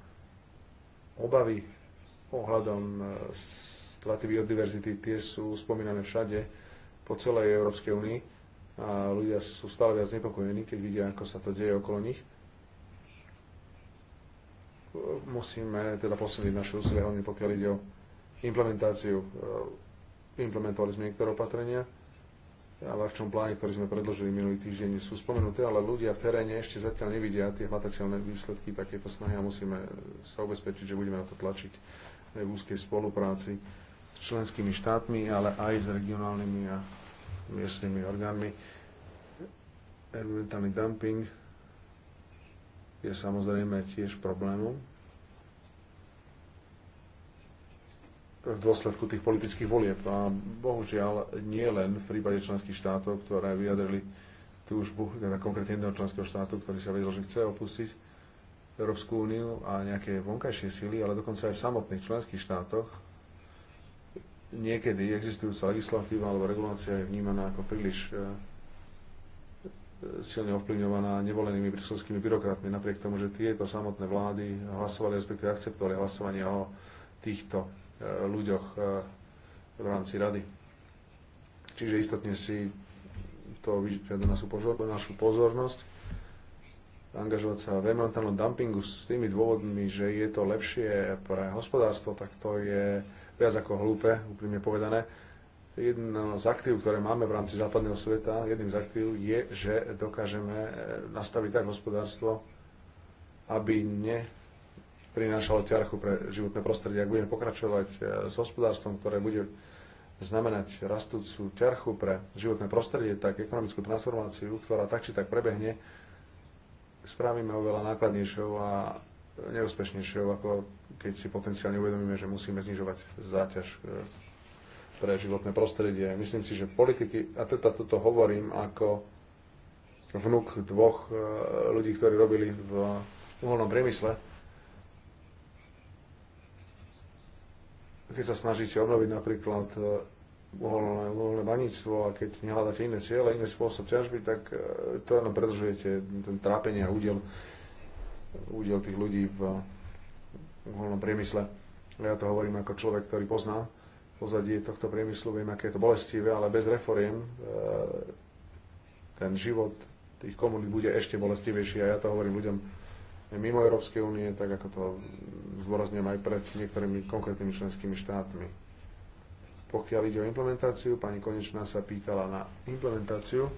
Obavy ohľadom e, straty biodiverzity, tie sú spomínané všade po celej Európskej únii a ľudia sú stále viac nepokojení, keď vidia, ako sa to deje okolo nich. Musíme teda posilniť naše úsilie, hlavne pokiaľ ide o implementáciu e, Implementovali sme niektoré opatrenia a v akčnom pláne, ktorý sme predložili minulý týždeň, sú spomenuté, ale ľudia v teréne ešte zatiaľ nevidia tie hmatateľné výsledky takéto snahy a musíme sa ubezpečiť, že budeme na to tlačiť v úzkej spolupráci s členskými štátmi, ale aj s regionálnymi a miestnymi orgánmi. Environmentálny dumping je samozrejme tiež problémom, v dôsledku tých politických volieb. A bohužiaľ nie len v prípade členských štátov, ktoré vyjadrili túžbu, teda konkrétne jedného členského štátu, ktorý sa vedel, že chce opustiť Európsku úniu a nejaké vonkajšie síly, ale dokonca aj v samotných členských štátoch niekedy existujúca legislatíva alebo regulácia je vnímaná ako príliš e, e, silne ovplyvňovaná nevolenými bruselskými byrokratmi, napriek tomu, že tieto samotné vlády hlasovali, respektíve akceptovali hlasovanie o týchto Eh, ľuďoch eh, v rámci rady. Čiže istotne si to vyžiada eh, našu, našu pozornosť. Angažovať sa v environmentálnom dumpingu s tými dôvodmi, že je to lepšie pre hospodárstvo, tak to je viac ako hlúpe, úprimne povedané. Jedno z aktív, ktoré máme v rámci západného sveta, jedným z aktív je, že dokážeme nastaviť tak hospodárstvo, aby ne prinášalo ťarchu pre životné prostredie. Ak budeme pokračovať e, s hospodárstvom, ktoré bude znamenať rastúcu ťarchu pre životné prostredie, tak ekonomickú transformáciu, ktorá tak či tak prebehne, spravíme oveľa nákladnejšou a neúspešnejšou, ako keď si potenciálne uvedomíme, že musíme znižovať záťaž e, pre životné prostredie. Myslím si, že politiky, a teda toto hovorím ako vnúk dvoch e, ľudí, ktorí robili v uholnom priemysle, keď sa snažíte obnoviť napríklad e, uholné, uholné baníctvo a keď nehľadáte iné ciele, iný spôsob ťažby, tak e, to len predržujete ten trápenie a údel, údel tých ľudí v uholnom priemysle. Ja to hovorím ako človek, ktorý pozná pozadie tohto priemyslu, viem, aké je to bolestivé, ale bez reforiem e, ten život tých komunít bude ešte bolestivejší a ja to hovorím ľuďom, mimo Európskej únie, tak ako to zdôrazňujem aj pred niektorými konkrétnymi členskými štátmi. Pokiaľ ide o implementáciu, pani Konečná sa pýtala na implementáciu.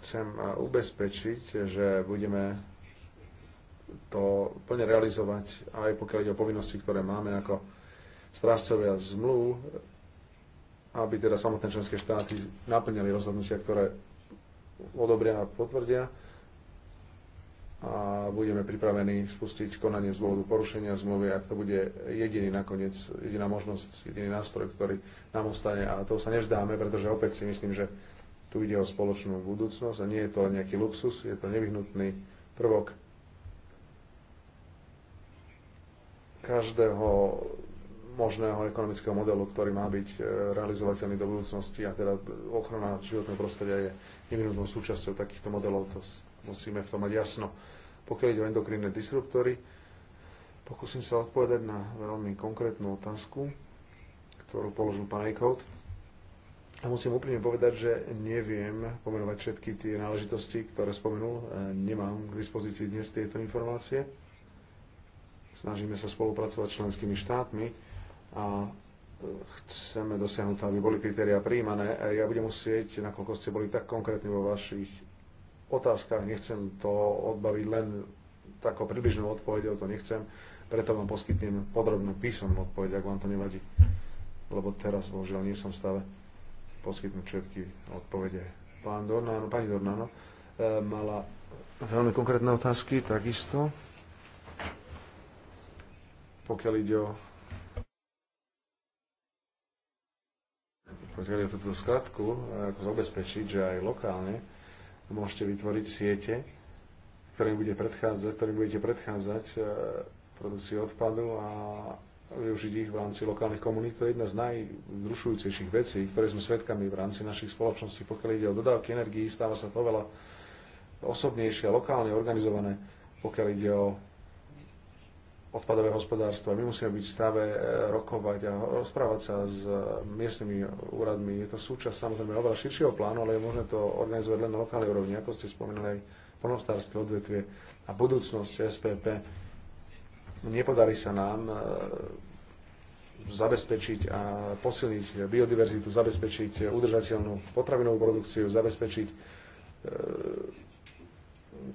Chcem eh, ubezpečiť, že budeme to plne realizovať, aj pokiaľ ide o povinnosti, ktoré máme ako strážcovia zmluv, aby teda samotné členské štáty naplňali rozhodnutia, ktoré odobria a potvrdia a budeme pripravení spustiť konanie z dôvodu porušenia zmluvy, ak to bude jediný nakoniec, jediná možnosť, jediný nástroj, ktorý nám ostane a toho sa nevzdáme, pretože opäť si myslím, že tu ide o spoločnú budúcnosť a nie je to len nejaký luxus, je to nevyhnutný prvok každého možného ekonomického modelu, ktorý má byť e, realizovateľný do budúcnosti a teda ochrana životného prostredia je nevyhnutnou súčasťou takýchto modelov. To Musíme v tom mať jasno. Pokiaľ ide o endokrinné disruptory, pokúsim sa odpovedať na veľmi konkrétnu otázku, ktorú položil pán Eichhout. A musím úprimne povedať, že neviem pomenovať všetky tie náležitosti, ktoré spomenul. E, nemám k dispozícii dnes tieto informácie. Snažíme sa spolupracovať s členskými štátmi a e, chceme dosiahnuť, aby boli kritéria príjmané. E, ja budem musieť, nakoľko ste boli tak konkrétni vo vašich otázkach. Nechcem to odbaviť len takou približnou odpovedou, to nechcem. Preto vám poskytnem podrobnú písomnú odpoveď, ak vám to nevadí. Lebo teraz, bohužiaľ, nie som stave poskytnúť všetky odpovede. Pán Dornáno, no, pani Dornáno, e, mala veľmi konkrétne otázky, takisto. Pokiaľ ide o pokiaľ o túto skladku, e, ako zabezpečiť, že aj lokálne môžete vytvoriť siete, ktorým, bude predchádzať, ktorým budete predchádzať e, produkcii odpadu a využiť ich v rámci lokálnych komunít. To je jedna z najrušujúcejších vecí, ktoré sme svedkami v rámci našich spoločností. Pokiaľ ide o dodávky energií, stáva sa to veľa osobnejšie a lokálne organizované, pokiaľ ide o odpadové hospodárstvo. My musíme byť v stave e, rokovať a rozprávať sa s e, miestnymi úradmi. Je to súčasť samozrejme oveľa širšieho plánu, ale je možné to organizovať len na lokálnej úrovni, ako ste spomínali aj polnohospodárske odvetvie a budúcnosť SPP. Nepodarí sa nám e, zabezpečiť a posilniť biodiverzitu, zabezpečiť udržateľnú potravinovú produkciu, zabezpečiť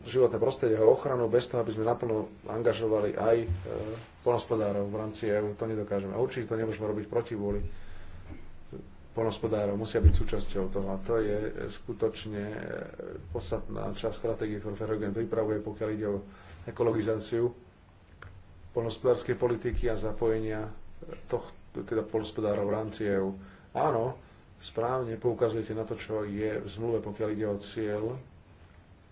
životné prostredie a ochranu bez toho, aby sme naplno angažovali aj e, polnospodárov v rámci EÚ. To nedokážeme. A určite to nemôžeme robiť proti vôli polnospodárov. Musia byť súčasťou toho. A to je e, skutočne e, podstatná časť stratégie, ktorú Ferrogen pripravuje, pokiaľ ide o ekologizáciu polnospodárskej politiky a zapojenia tohto, teda polnospodárov v rámci EÚ. Áno, správne poukazujete na to, čo je v zmluve, pokiaľ ide o cieľ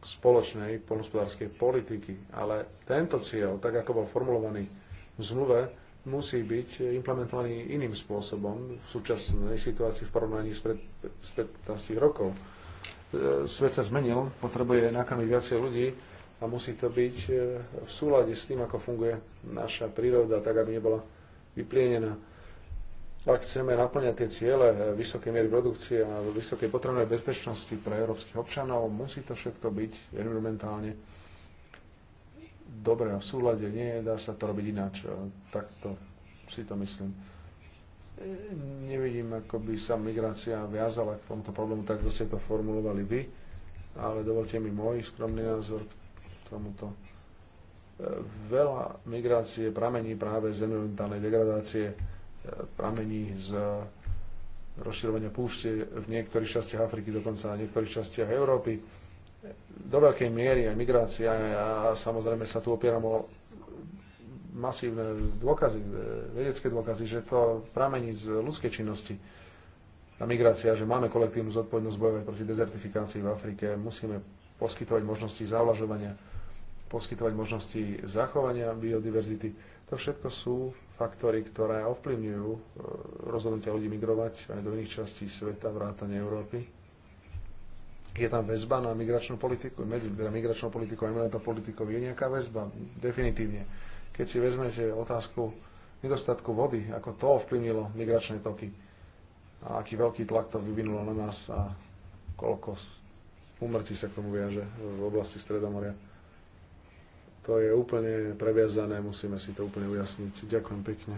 spoločnej poľnospodárskej politiky. Ale tento cieľ, tak ako bol formulovaný v zmluve, musí byť implementovaný iným spôsobom v súčasnej situácii v porovnaní s, pred, s 15 rokov. E, svet sa zmenil, potrebuje nakrmiť viacej ľudí a musí to byť e, v súlade s tým, ako funguje naša príroda, tak aby nebola vyplienená ak chceme naplňať tie ciele vysokej miery produkcie a vysokej potrebnej bezpečnosti pre európskych občanov, musí to všetko byť environmentálne dobre a v súlade. Nie, dá sa to robiť ináč. E, takto si to myslím e, nevidím, ako by sa migrácia viazala k tomuto problému, tak ako ste to formulovali vy, ale dovolte mi môj skromný názor k tomuto. E, veľa migrácie pramení práve z environmentálnej degradácie pramení z rozširovania púšte v niektorých častiach Afriky, dokonca na niektorých častiach Európy. Do veľkej miery aj migrácia a samozrejme sa tu opieram o masívne dôkazy, vedecké dôkazy, že to pramení z ľudskej činnosti. Tá migrácia, že máme kolektívnu zodpovednosť bojovať proti dezertifikácii v Afrike, musíme poskytovať možnosti zavlažovania, poskytovať možnosti zachovania biodiverzity to všetko sú faktory, ktoré ovplyvňujú e, rozhodnutia ľudí migrovať aj do iných častí sveta, vrátane Európy. Je tam väzba na migračnú politiku, medzi teda migračnou politikou a imunitnou politikou je nejaká väzba, definitívne. Keď si vezmete otázku nedostatku vody, ako to ovplyvnilo migračné toky a aký veľký tlak to vyvinulo na nás a koľko úmrtí sa k tomu viaže v oblasti Stredomoria to je úplne previazané, musíme si to úplne ujasniť. Ďakujem pekne.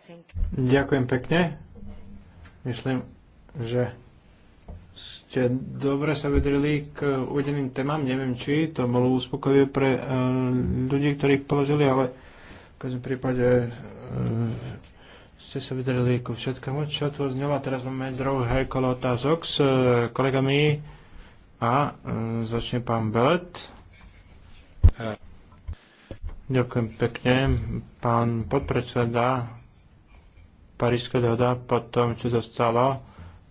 Think... Ďakujem pekne. Myslím, že ste dobre sa vedrili k uvedeným témam. Neviem, či to bolo uspokojivé pre e, ľudí, ktorí položili, ale v každom prípade e, ste sa vydarili ku všetkému, čo tu znelo. Teraz máme druhé kolo otázok s e, kolegami a e, začne pán Belet. Ďakujem pekne. Pán podpredseda Paríska dohoda po tom, čo sa stalo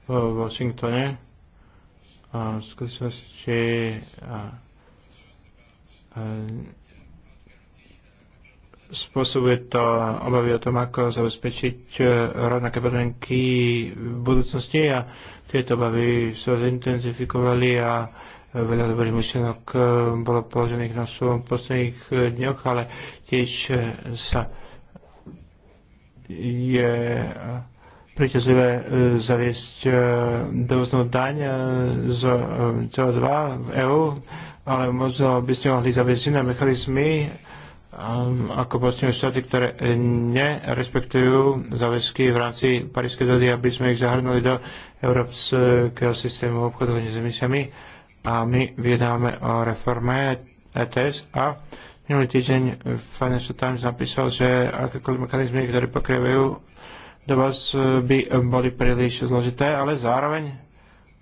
v Washingtone, Skúsim si, či spôsobuje to obavy o tom, ako zabezpečiť e, rovnaké podmienky v budúcnosti a tieto obavy sa zintenzifikovali a veľa dobrých myšlenok e, bolo položených na svojom posledných e, dňoch, ale tiež sa je príťažlivé zaviesť dovoznú daň z CO2 v EÚ, ale možno by ste mohli zaviesť iné mechanizmy, ako postihnú štáty, ktoré nerespektujú záväzky v rámci Parískej dohody, aby sme ich zahrnuli do európskeho systému obchodovania s emisiami. A my vyjednávame o reforme ETS a minulý týždeň Financial Times napísal, že akékoľvek mechanizmy, ktoré pokrývajú do vás, by boli príliš zložité, ale zároveň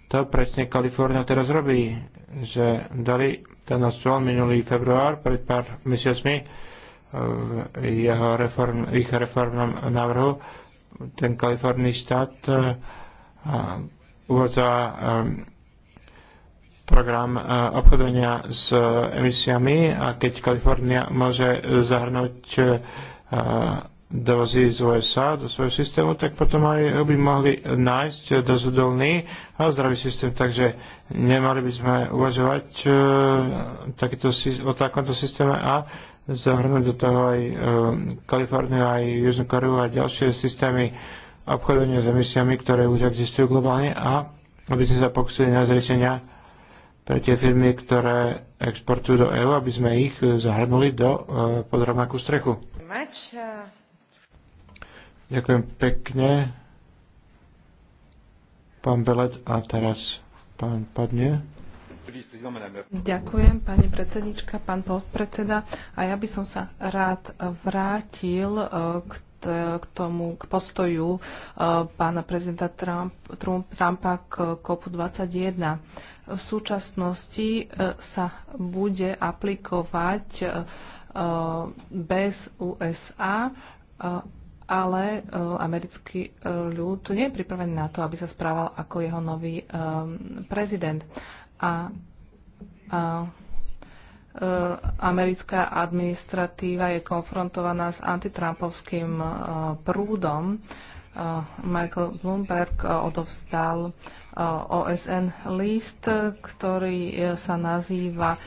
to presne Kalifornia teraz robí, že dali ten stôl minulý február, pred pár mesiacmi, e, v jeho reform, ich reformnom návrhu, ten kalifornský štát e, uvádza e, program obchodovania s emisiami a keď Kalifornia môže zahrnúť dovozí z USA do svojho systému, tak potom aj by mohli nájsť dozhodolný a zdravý systém. Takže nemali by sme uvažovať e, takýto, o takomto systéme a zahrnúť do toho aj e, Kaliforniu, aj Južnú Koreu a ďalšie systémy obchodovania s emisiami, ktoré už existujú globálne a aby sme sa pokusili na zriešenia pre tie firmy, ktoré exportujú do EÚ, aby sme ich zahrnuli do e, podrobnáku strechu. Much, uh... Ďakujem pekne. Pán Belet a teraz pán Padne. Ďakujem, pani predsednička, pán podpredseda. A ja by som sa rád vrátil e, k k tomu, k postoju e, pána prezidenta Trump, Trump, Trumpa k COP21. V súčasnosti e, sa bude aplikovať bez USA ale e, americký e, ľud nie je pripravený na to, aby sa správal ako jeho nový e, prezident. A, Uh, americká administratíva je konfrontovaná s antitrampovským prúdom. Michael Bloomberg odovzdal OSN list, ktorý sa nazýva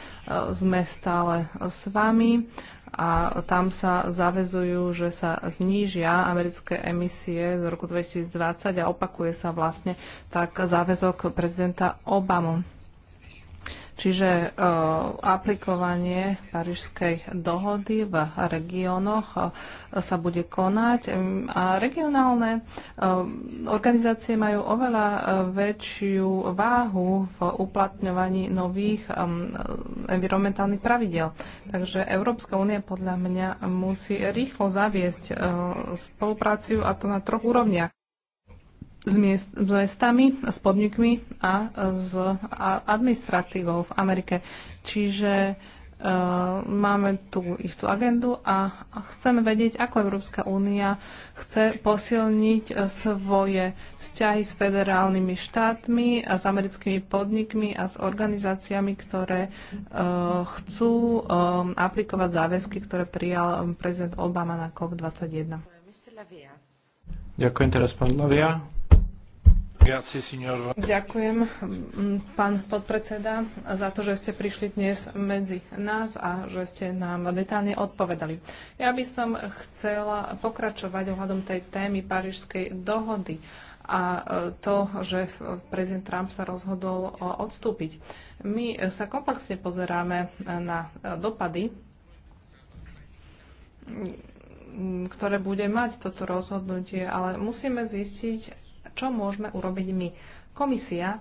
Sme stále s vami a tam sa zavezujú, že sa znížia americké emisie z roku 2020 a opakuje sa vlastne tak záväzok prezidenta Obamu. Čiže e, aplikovanie Parížskej dohody v regiónoch e, sa bude konať a regionálne e, organizácie majú oveľa väčšiu váhu v uplatňovaní nových environmentálnych pravidel. Takže Európska únia podľa mňa musí rýchlo zaviesť spolupráciu a to na troch úrovniach s, miest, s mestami, s podnikmi a s administratívou v Amerike. Čiže uh, máme tú istú agendu a, chceme vedieť, ako Európska únia chce posilniť e, svoje vzťahy s federálnymi štátmi a s americkými podnikmi a s organizáciami, ktoré uh, chcú um, aplikovať záväzky, ktoré prijal prezident Obama na COP21. Ďakujem teraz, pán Lavia. Ďakujem, pán podpredseda, za to, že ste prišli dnes medzi nás a že ste nám detálne odpovedali. Ja by som chcela pokračovať ohľadom tej témy Parížskej dohody a e, to, že prezident Trump sa rozhodol odstúpiť. My sa komplexne pozeráme na e, dopady ktoré bude mať toto rozhodnutie, ale musíme zistiť čo môžeme urobiť my. Komisia e,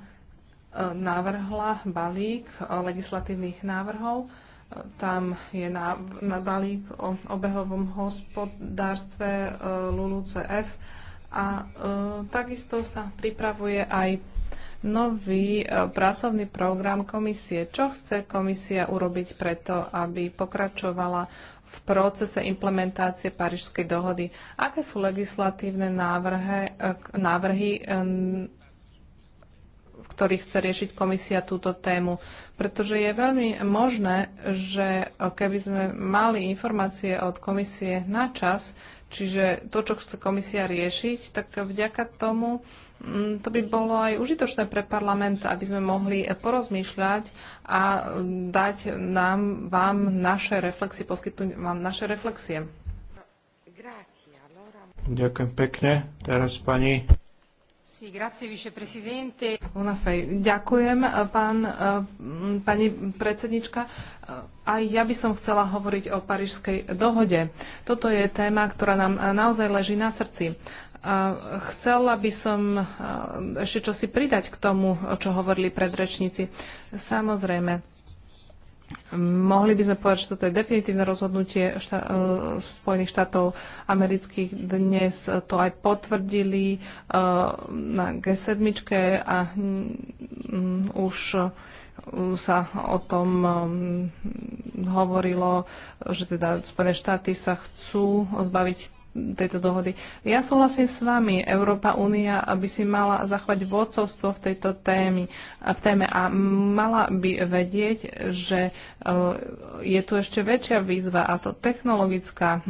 navrhla balík legislatívnych návrhov. E, tam je na, na balík o obehovom hospodárstve e, LULUCF a e, takisto sa pripravuje aj nový e, pracovný program komisie. Čo chce komisia urobiť preto, aby pokračovala v procese implementácie Parížskej dohody. Aké sú legislatívne eh, návrhy, návrhy, eh, v ktorých chce riešiť komisia túto tému? Pretože je veľmi možné, že eh, keby sme mali informácie od komisie na čas, čiže to, čo chce komisia riešiť, tak vďaka tomu Mm, to by bolo aj užitočné pre parlament, aby sme mohli porozmýšľať a mm, dať nám, vám naše reflexie, poskytnúť vám naše reflexie. Ďakujem pekne. Teraz pani. Ďakujem, eh, pán, eh, pani predsednička. Eh, aj ja by som chcela hovoriť o Parížskej dohode. Toto je téma, ktorá nám naozaj leží na srdci. A chcela by som ešte čosi pridať k tomu, čo hovorili predrečníci. Samozrejme, mohli by sme povedať, že toto je definitívne rozhodnutie šta- e, Spojených štátov amerických. Dnes to aj potvrdili e, na G7 a mm, už sa o tom e, hovorilo, že teda Spojené štáty sa chcú zbaviť tejto dohody. Ja súhlasím s vami, Európa únia by si mala zachovať vodcovstvo v tejto témy, v téme a mala by vedieť, že e, je tu ešte väčšia výzva a to technologická,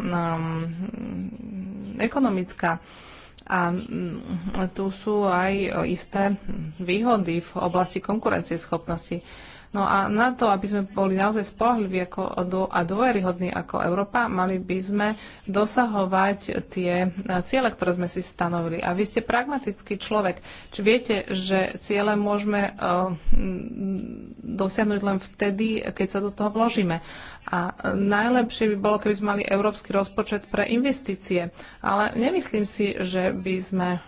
ekonomická. A mm, tu sú aj isté výhody v oblasti konkurencieschopnosti. schopnosti No a na to, aby sme boli naozaj spolahliví ako, a dôveryhodní ako Európa, mali by sme dosahovať tie e, ciele, ktoré sme si stanovili. A vy ste pragmatický človek. Či viete, že ciele môžeme uh, dosiahnuť len vtedy, keď sa do toho vložíme. A najlepšie by bolo, keby sme mali európsky rozpočet pre investície. Ale nemyslím si, že by sme e,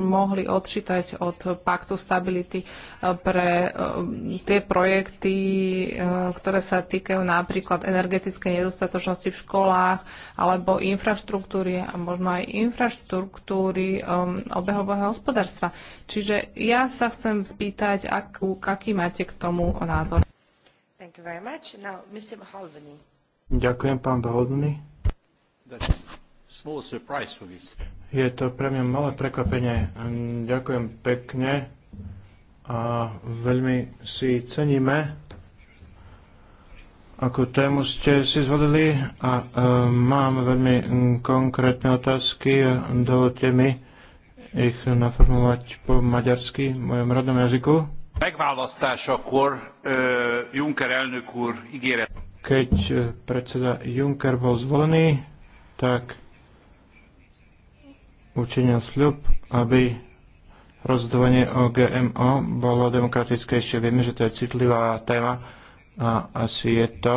mohli odčítať od paktu stability e, pre e, tie projekty, ktoré sa týkajú napríklad energetickej nedostatočnosti v školách alebo infraštruktúry a možno aj infraštruktúry obehového hospodárstva. Čiže ja sa chcem spýtať, akú, aký máte k tomu názor. Thank you very much. Now, Mr. Mahalvani. Ďakujem, pán Bahodný. Je to pre mňa malé prekvapenie. Ďakujem pekne a veľmi si ceníme Akú tému ste si zvolili a e, mám veľmi konkrétne otázky. Dovolte mi ich naformulovať po maďarsky, v mojom rodnom jazyku. Keď predseda Juncker bol zvolený, tak učinil sľub, aby rozhodovanie o GMO bolo demokratickejšie. Vieme, že to je citlivá téma a asi je to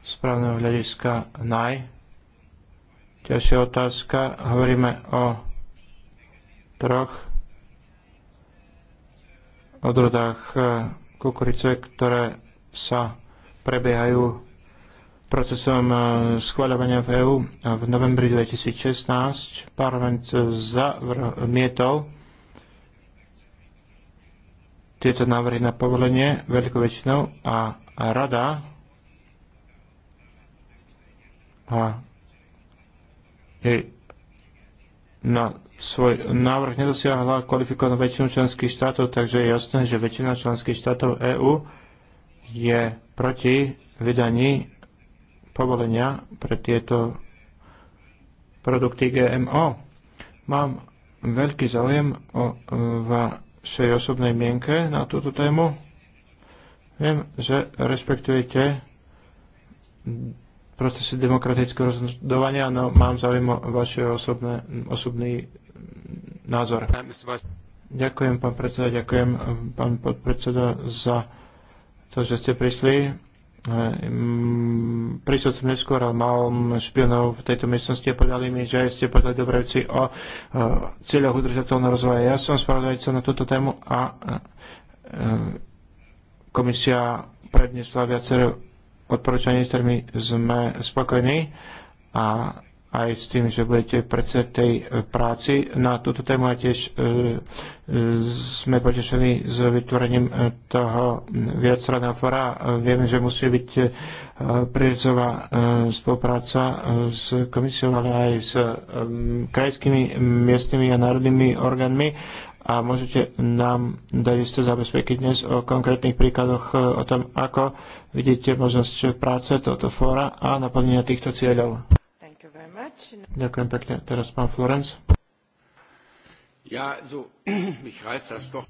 z právneho hľadiska naj. Ďalšia otázka. Hovoríme o troch odrodách e, kukurice, ktoré sa prebiehajú procesom e, schváľovania v EÚ. V novembri 2016 parlament e, zamietol tieto návrhy na povolenie veľkou väčšinou a rada a jej na svoj návrh nedosiahla kvalifikovanú väčšinu členských štátov, takže je jasné, že väčšina členských štátov EÚ je proti vydaní povolenia pre tieto produkty GMO. Mám veľký záujem o vašej osobnej mienke na túto tému. Viem, že rešpektujete procese demokratického rozhodovania, no mám záujem o vaš osobné, osobný názor. Ďakujem, pán predseda, ďakujem, pán podpredseda, za to, že ste prišli. Mm, prišiel som neskôr, ale mal špionov v tejto miestnosti a povedali mi, že ste povedali dobré veci o cieľoch udržateľného rozvoja. Ja som spravodajca na túto tému a e, e, komisia predniesla viacero odporúčaní, s ktorými sme spokojní a aj s tým, že budete predsa tej e, práci na túto tému a tiež e, e sme potešení s vytvorením e, toho viacradného fora. Vieme, že musí byť prírodzová spolupráca s komisiou, ale aj s krajskými, miestnymi a národnými orgánmi a môžete nám dať isté zabezpeky dnes o konkrétnych príkladoch e, o tom, ako vidíte možnosť práce tohoto fóra a naplnenia týchto cieľov. Ďakujem pekne. Teraz pán Florenc. Ja, so, [CLEARS THROAT] ich reiß das doch.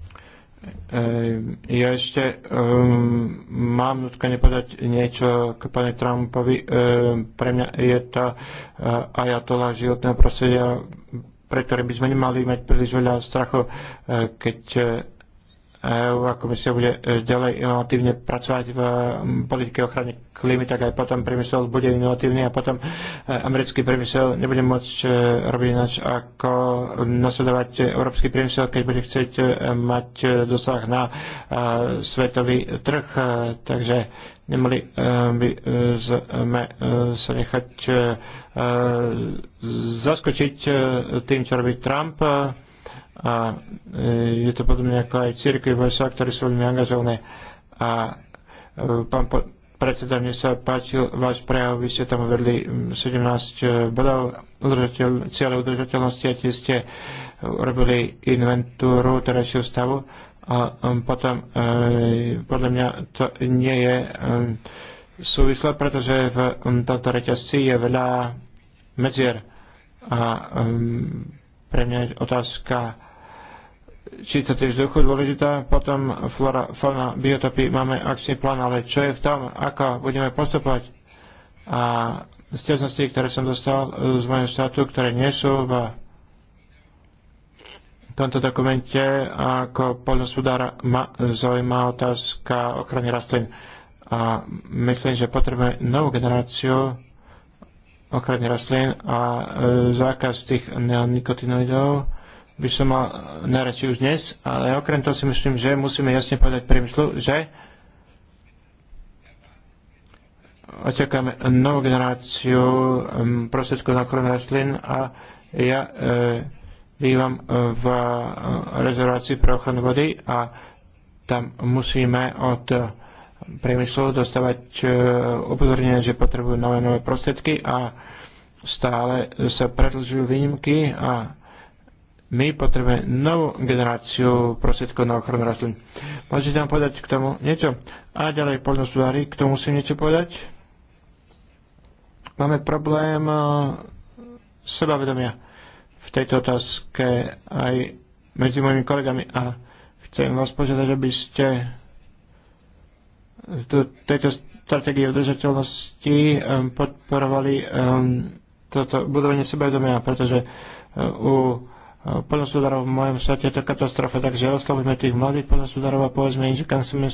E, ja ešte um, mám nutkanie povedať niečo k pani Trumpovi. Um, pre mňa je tá uh, ajatola životného prostredia pre ktoré by sme nemali mať príliš veľa strachu, e, keď e, Európska komisia bude e, ďalej inovatívne pracovať v politike ochrany klímy, tak aj potom priemysel bude inovatívny a potom e, americký priemysel nebude môcť e, robiť ináč ako nasledovať európsky priemysel, keď bude chcieť mať dosah na svetový trh. Takže nemali by sme sa nechať zaskočiť tým, čo robí Trump a e, je to podobne ako aj církev v USA, ktoré sú veľmi angažované. A e, pán predseda, mne sa páčil váš prejav, vy ste tam uvedli 17 e, bodov udržateľ, cieľe udržateľnosti a tie ste robili inventúru terajšieho stavu a potom e, podľa mňa to nie je e, súvislé, pretože v tomto reťazci je veľa medzier a e, pre mňa je otázka čistoty vzduchu dôležitá, potom flora, fauna, biotopy, máme akčný plán, ale čo je v tom, ako budeme postupovať? A stiažnosti, ktoré som dostal e, z mojho štátu, ktoré nie sú v tomto dokumente, ako poľnospodára ma zaujíma otázka ochrany rastlín. A myslím, že potrebujeme novú generáciu ochrany rastlín a e, zákaz tých neonikotinoidov by som mal najradšej už dnes, ale okrem toho si myslím, že musíme jasne povedať priemyslu, že očakávame novú generáciu prostriedkov na ochranu rastlín a ja e, bývam v e, rezervácii pre ochranu vody a tam musíme od priemyslu dostávať e, upozornenie, že potrebujú nové nové prostriedky a stále sa predlžujú výnimky a my potrebujeme novú generáciu prostriedkov na ochranu rastlín. Môžete nám povedať k tomu niečo? A ďalej poľnospodári, k tomu musím niečo povedať? Máme problém e, sebavedomia v tejto otázke aj medzi mojimi kolegami a chcem vás požiadať, aby ste tejto stratégie udržateľnosti um, podporovali um, toto budovanie sebevedomia, pretože uh, u uh, poľnospodárov v mojom štáte je to katastrofa, takže oslovíme tých mladých poľnospodárov a povedzme im, že kam chceme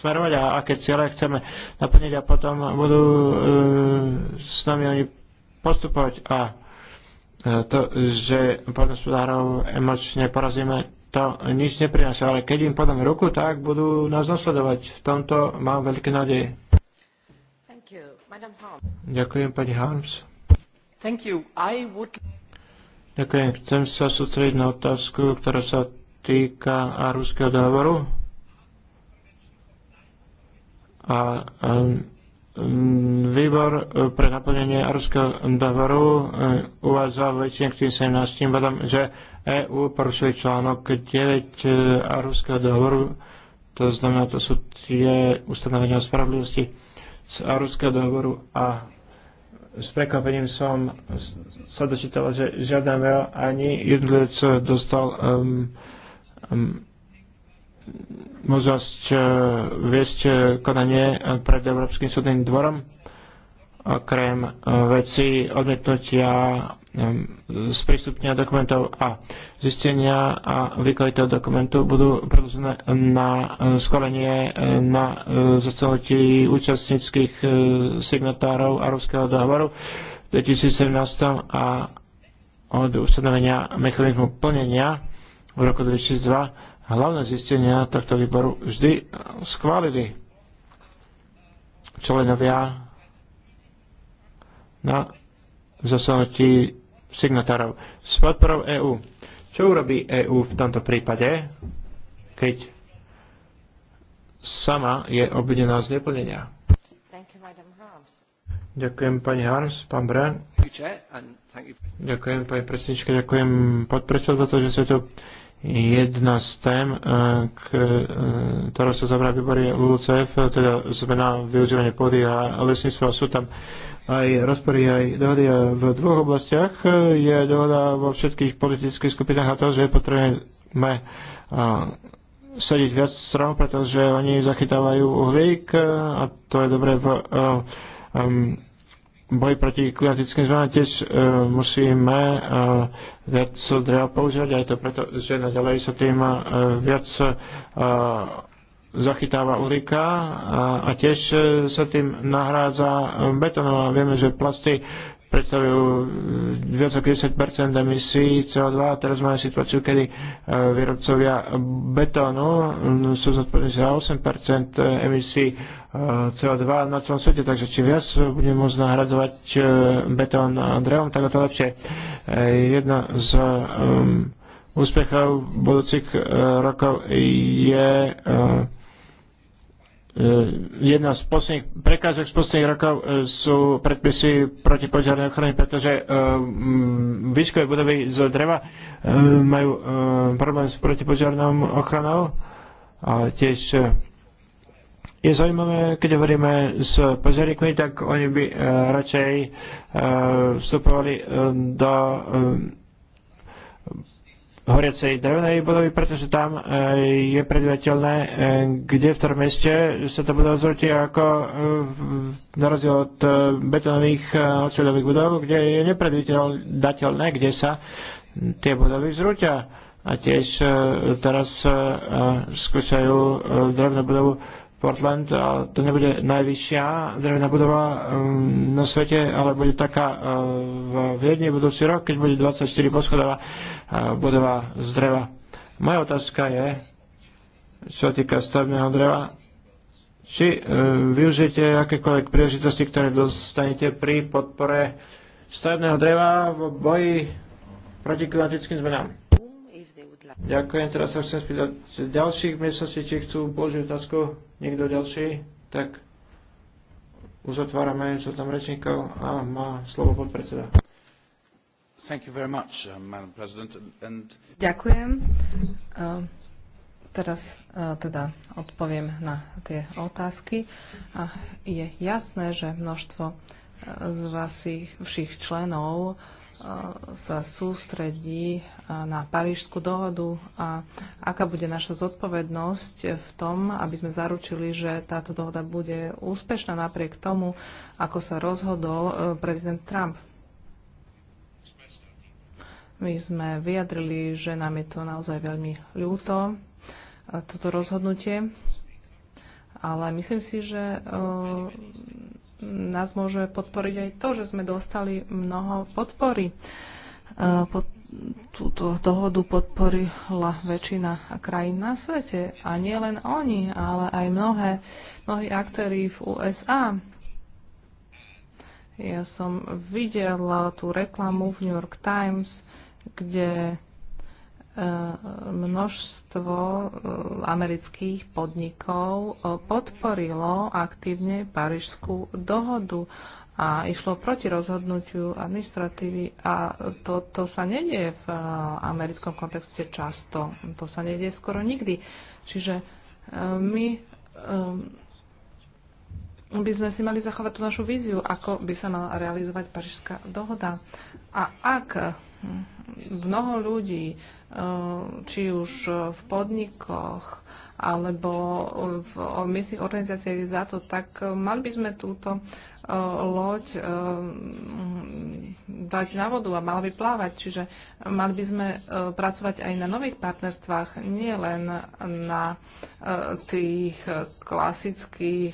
smerovať a aké ciele chceme naplniť a potom budú uh, s nami oni postupovať a to, že poľnospodárov emočne porazíme, to nič neprináša, ale keď im podáme ruku, tak budú nás nasledovať. V tomto mám veľké nádeje. Ďakujem, pani Harms. Would... Ďakujem. Chcem sa sústrediť na otázku, ktorá sa týka ruského dohovoru. A um, Výbor pre naplnenie Arského dohovoru uh, uvádza väčšine k tým 17 bodom, že EU porušuje článok 9 e, a ruského dohovoru, to znamená, to sú tie ustanovenia o spravodlivosti z ruského dohovoru a s prekvapením som sa dočítal, že žiadam veľ ani jednotlivec dostal um, um, možnosť uh, viesť e, konanie pred Európskym súdnym dvorom okrem e, veci odmietnutia e, sprístupnenia dokumentov a zistenia a výklady toho dokumentu budú predložené na e, skolenie na zastanutí účastníckých signatárov Arabského dohovoru v 2017 a od ustanovenia mechanizmu plnenia v roku 2002 hlavné zistenia tohto výboru vždy schválili členovia na zasadnutí signatárov s podporou EÚ. Čo urobí EÚ v tomto prípade, keď sama je obvinená z neplnenia? Ďakujem pani Harms, pán Brian. Ďakujem pani predsednička, ďakujem podpredseda za to, že ste tu. Jedna z tém, eh, eh, ktorá sa zabrá výbory je teda zmena využívania pôdy a lesníctva. Sú tam aj rozpory, aj dohody. v dvoch oblastiach je dohoda vo všetkých politických skupinách a to, že potrebujeme sadiť viac strom, pretože oni zachytávajú uhlík a to je dobré v boji proti klimatickým zmenám. Tiež e, musíme viac dreva používať, aj to preto, že naďalej sa tým viac zachytáva uhlíka a, a tiež e, sa tým nahrádza betónom. A vieme, že plasty predstavujú viac ako 10 emisí CO2. A teraz máme situáciu, kedy e, výrobcovia betónu sú zodpovední za 8 emisí e, CO2 na celom svete, takže či viac budeme môcť nahradzovať betón drevom, tak to lepšie. Jedna z um, úspechov budúcich rokov je uh, E, jedna z posledných prekážok z posledných rokov e, sú predpisy proti požiarnej ochrany, pretože e, výškové budovy z dreva majú problém s protipožiarnou ochranou a tiež je zaujímavé, keď hovoríme s požiarníkmi, tak oni by radšej vstupovali do horiacej drevenej budovy, pretože tam e, je predvedateľné, e, kde v ktorom meste sa to budova zrúti ako e, na rozdiel od betónových oceľových budov, kde je nepredvedateľné, kde sa tie budovy zrútia. A tiež teraz skúšajú drevnú budovu Portland, a to nebude najvyššia drevená budova um, na svete, ale bude taká uh, v viedne budúci rok, keď bude 24 poschodová uh, budova z dreva. Moja otázka je, čo týka stavebného dreva, či uh, využijete akékoľvek príležitosti, ktoré dostanete pri podpore stavebného dreva v boji proti klimatickým zmenám. Ďakujem, teraz sa chcem spýtať ďalších miestností, či chcú položiť otázku niekto ďalší, tak uzatvárame tam rečníkov a má slovo podpredseda. Thank you very much, uh, Madam President. And... Ďakujem. Uh, teraz uh, teda odpoviem na tie otázky. A je jasné, že množstvo uh, z vás, všich členov uh, E, sa sústredí e, na Parížskú dohodu a aká bude naša zodpovednosť v tom, aby sme zaručili, že táto dohoda bude úspešná napriek tomu, ako sa rozhodol e, prezident Trump. My sme vyjadrili, že nám je to naozaj veľmi ľúto, toto rozhodnutie ale myslím si, že eh, nás môže podporiť aj to, že sme dostali mnoho podpory. Eh, pod túto dohodu podporila väčšina krajín na svete. A nie len oni, ale aj mnohé, mnohí aktéry v USA. Ja som videla tú reklamu v New York Times, kde množstvo eh, amerických podnikov eh, podporilo aktívne Parížskú dohodu a išlo proti rozhodnutiu administratívy a to, to sa nedie v eh, americkom kontexte často. To sa nedie skoro nikdy. Čiže my by sme si mali zachovať tú našu víziu, ako by sa mala realizovať Parížská dohoda. A ak hm, mnoho ľudí Eh, či už v podnikoch alebo v miestnych organizáciách za to, tak eh, mali by sme túto eh, loď dať na vodu a mala by plávať. Čiže mali by sme pracovať aj na nových partnerstvách, nie len na tých klasických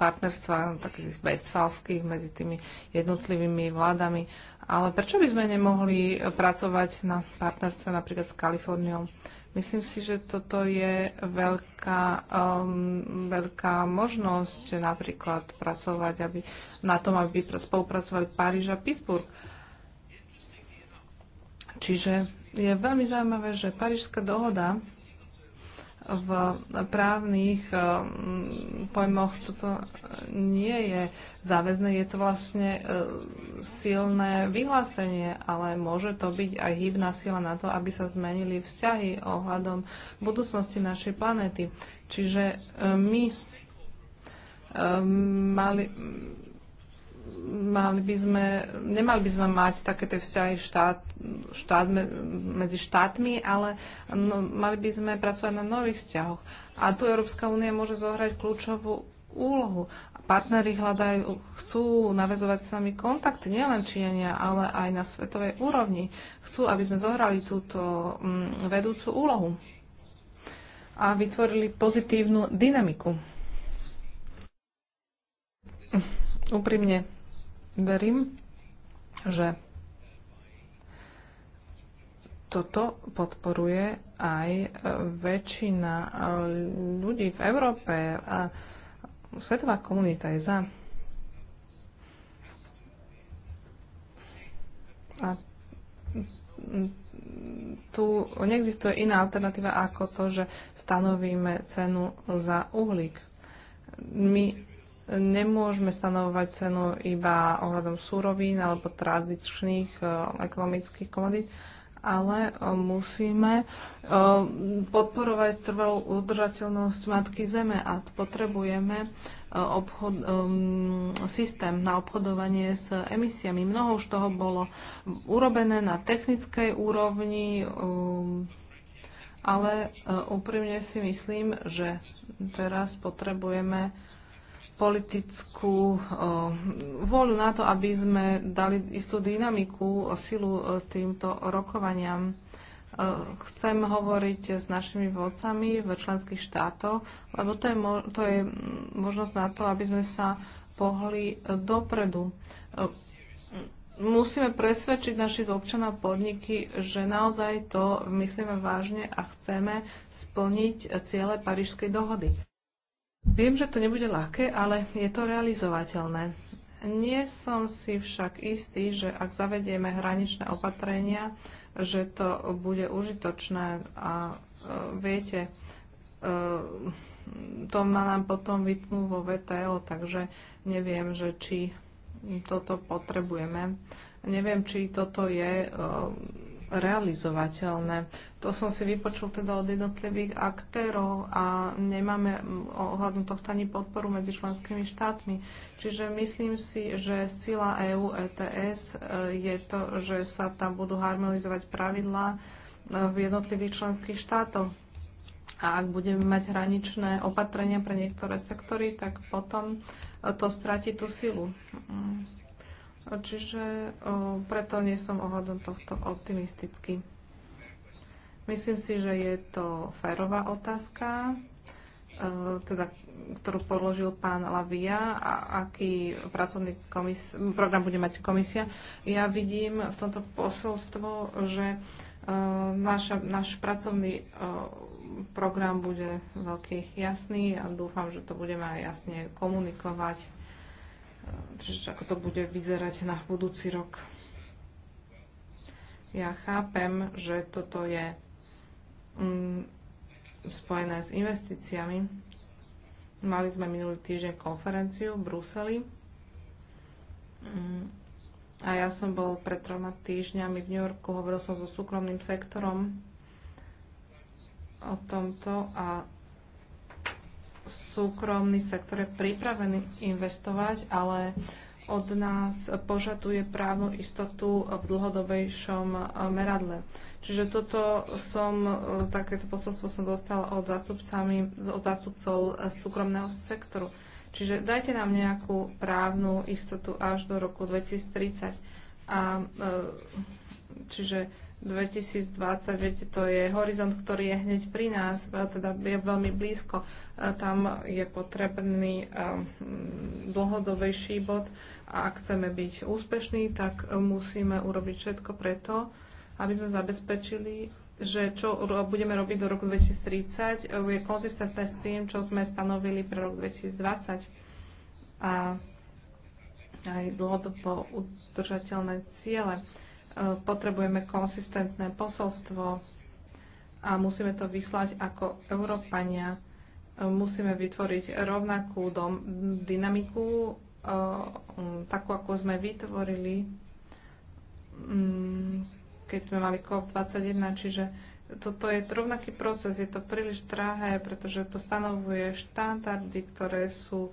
partnerstvách, takých westfalských medzi tými jednotlivými vládami ale prečo by sme nemohli pracovať na partnerstve napríklad s Kaliforniou? Myslím si, že toto je veľká, um, veľká možnosť napríklad pracovať aby, na tom, aby spolupracovali Paríž a Pittsburgh. Čiže je veľmi zaujímavé, že Parížská dohoda v právnych eh, pojmoch toto nie je záväzné, je to vlastne eh, silné vyhlásenie, ale môže to byť aj hybná sila na to, aby sa zmenili vzťahy ohľadom budúcnosti našej planéty. Čiže eh, my mali, mali by sme, nemali by sme mať také tie vzťahy štát, štát medzi štátmi, ale no, mali by sme pracovať na nových vzťahoch. A tu Európska únia môže zohrať kľúčovú úlohu. Partnery hľadajú, chcú navezovať s nami kontakty, nielen Číňania, ale aj na svetovej úrovni. Chcú, aby sme zohrali túto mm, vedúcu úlohu a vytvorili pozitívnu dynamiku. Úprimne, Verím, že toto podporuje aj e, väčšina e, ľudí v Európe a svetová komunita je za. A tu neexistuje iná alternatíva ako to, že stanovíme cenu za uhlík. My Nemôžeme stanovovať cenu iba ohľadom súrovín alebo tradičných e, ekonomických komodít, ale e, musíme e, podporovať trvalú udržateľnosť Matky Zeme a potrebujeme obchod, systém na obchodovanie s emisiami. Mnoho už toho bolo urobené na technickej úrovni, ale úprimne si myslím, že teraz potrebujeme politickú vôľu na to, aby sme dali istú dynamiku, silu týmto rokovaniam. Chcem hovoriť s našimi vodcami v členských štátoch, lebo to je, to je možnosť na to, aby sme sa pohli dopredu. Musíme presvedčiť našich občanov podniky, že naozaj to myslíme vážne a chceme splniť ciele Parížskej dohody. Viem, že to nebude ľahké, ale je to realizovateľné. Nie som si však istý, že ak zavedieme hraničné opatrenia, že to bude užitočné a e, viete, e, to má nám potom vytnú vo VTO, takže neviem, že či toto potrebujeme. Neviem, či toto je e, realizovateľné. To som si vypočul teda od jednotlivých aktérov a nemáme ohľadom tohto ani podporu medzi členskými štátmi. Čiže myslím si, že cíla EU ETS e, je to, že sa tam budú harmonizovať pravidlá e, v jednotlivých členských štátoch. A ak budeme mať hraničné opatrenia pre niektoré sektory, tak potom e, to stratí tú silu. Mm. Čiže o, preto nie som ohľadom tohto optimistický. Myslím si, že je to férová otázka, e, teda, ktorú položil pán Lavia a aký pracovný komis- program bude mať komisia. Ja vidím v tomto posolstvo, že e, naša, náš pracovný e, program bude veľký jasný a dúfam, že to budeme aj jasne komunikovať Čiže ako to bude vyzerať na budúci rok. Ja chápem, že toto je mm, spojené s investíciami. Mali sme minulý týždeň konferenciu v Bruseli mm, a ja som bol pred troma týždňami v New Yorku, hovoril som so súkromným sektorom o tomto a súkromný sektor je pripravený investovať, ale od nás požaduje právnu istotu v dlhodobejšom eh, meradle. Čiže toto som, eh, takéto posolstvo som dostala od, od zástupcov eh, súkromného sektoru. Čiže dajte nám nejakú právnu istotu až do roku 2030. A, čiže 2020, viete, to je horizont, ktorý je hneď pri nás, teda je veľmi blízko. Tam je potrebný dlhodobejší bod a ak chceme byť úspešní, tak musíme urobiť všetko preto, aby sme zabezpečili, že čo budeme robiť do roku 2030 e, je konzistentné s tým, čo sme stanovili pre rok 2020. A aj dlhodobo udržateľné ciele. E, potrebujeme konsistentné posolstvo a musíme to vyslať ako Európania. E, musíme vytvoriť rovnakú dom, dynamiku, e, takú, ako sme vytvorili, mm, keď sme mali COP21, čiže toto je rovnaký proces, je to príliš drahé, pretože to stanovuje štandardy, ktoré sú e,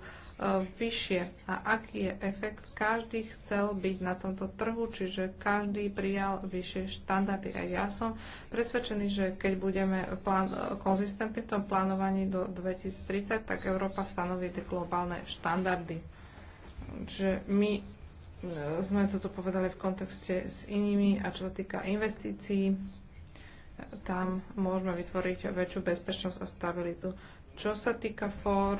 vyššie. A aký je efekt? Každý chcel byť na tomto trhu, čiže každý prijal vyššie štandardy. A ja som presvedčený, že keď budeme plán, konzistentní v tom plánovaní do 2030, tak Európa stanoví tie globálne štandardy. Čiže my e, sme toto povedali v kontexte s inými a čo sa týka investícií, tam môžeme vytvoriť väčšiu bezpečnosť a stabilitu. Čo sa týka for,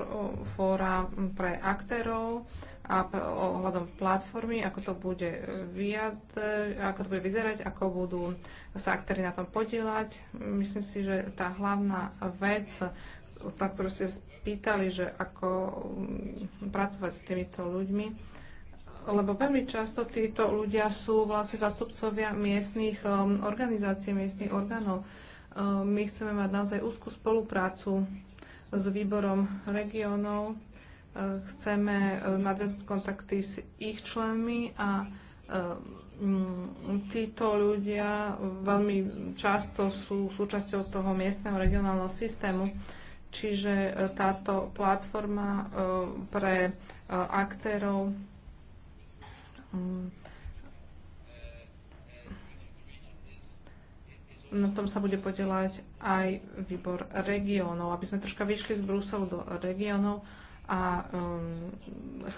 fóra pre aktérov a ohľadom platformy, ako to bude, vyjad, ako to bude vyzerať, ako budú sa aktéry na tom podielať, myslím si, že tá hlavná vec, na ktorú ste spýtali, že ako mm, pracovať s týmito ľuďmi, lebo veľmi často títo ľudia sú vlastne zastupcovia miestných um, organizácií, miestnych orgánov. Um, my chceme mať naozaj úzkú spoluprácu s výborom regionov, um, chceme um, nadviazať kontakty s ich členmi a um, títo ľudia veľmi často sú súčasťou toho miestneho regionálneho systému. Čiže uh, táto platforma uh, pre uh, aktérov Mm. na tom sa bude podielať aj výbor regiónov, aby sme troška vyšli z Bruselu do regiónov a um,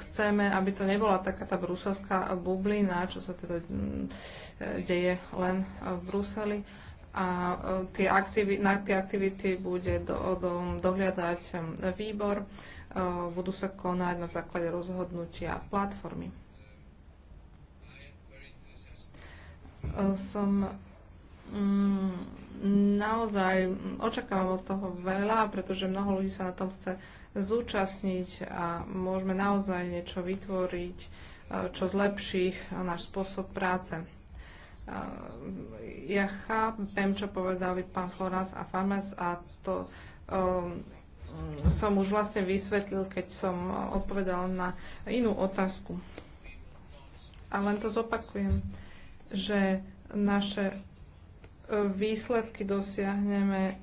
chceme, aby to nebola taká tá bruselská bublina, čo sa teda mm, deje len v Bruseli. A e, tie aktivi- na tie aktivity bude do, do, dohliadať výbor. Uh, budú sa konať na základe rozhodnutia platformy. som mm, naozaj očakávam od toho veľa, pretože mnoho ľudí sa na tom chce zúčastniť a môžeme naozaj niečo vytvoriť, e, čo zlepší náš spôsob práce. E, ja chápem, čo povedali pán Florence a Farmes a to um, som už vlastne vysvetlil, keď som odpovedal na inú otázku. A len to zopakujem. Uh, že naše e, výsledky dosiahneme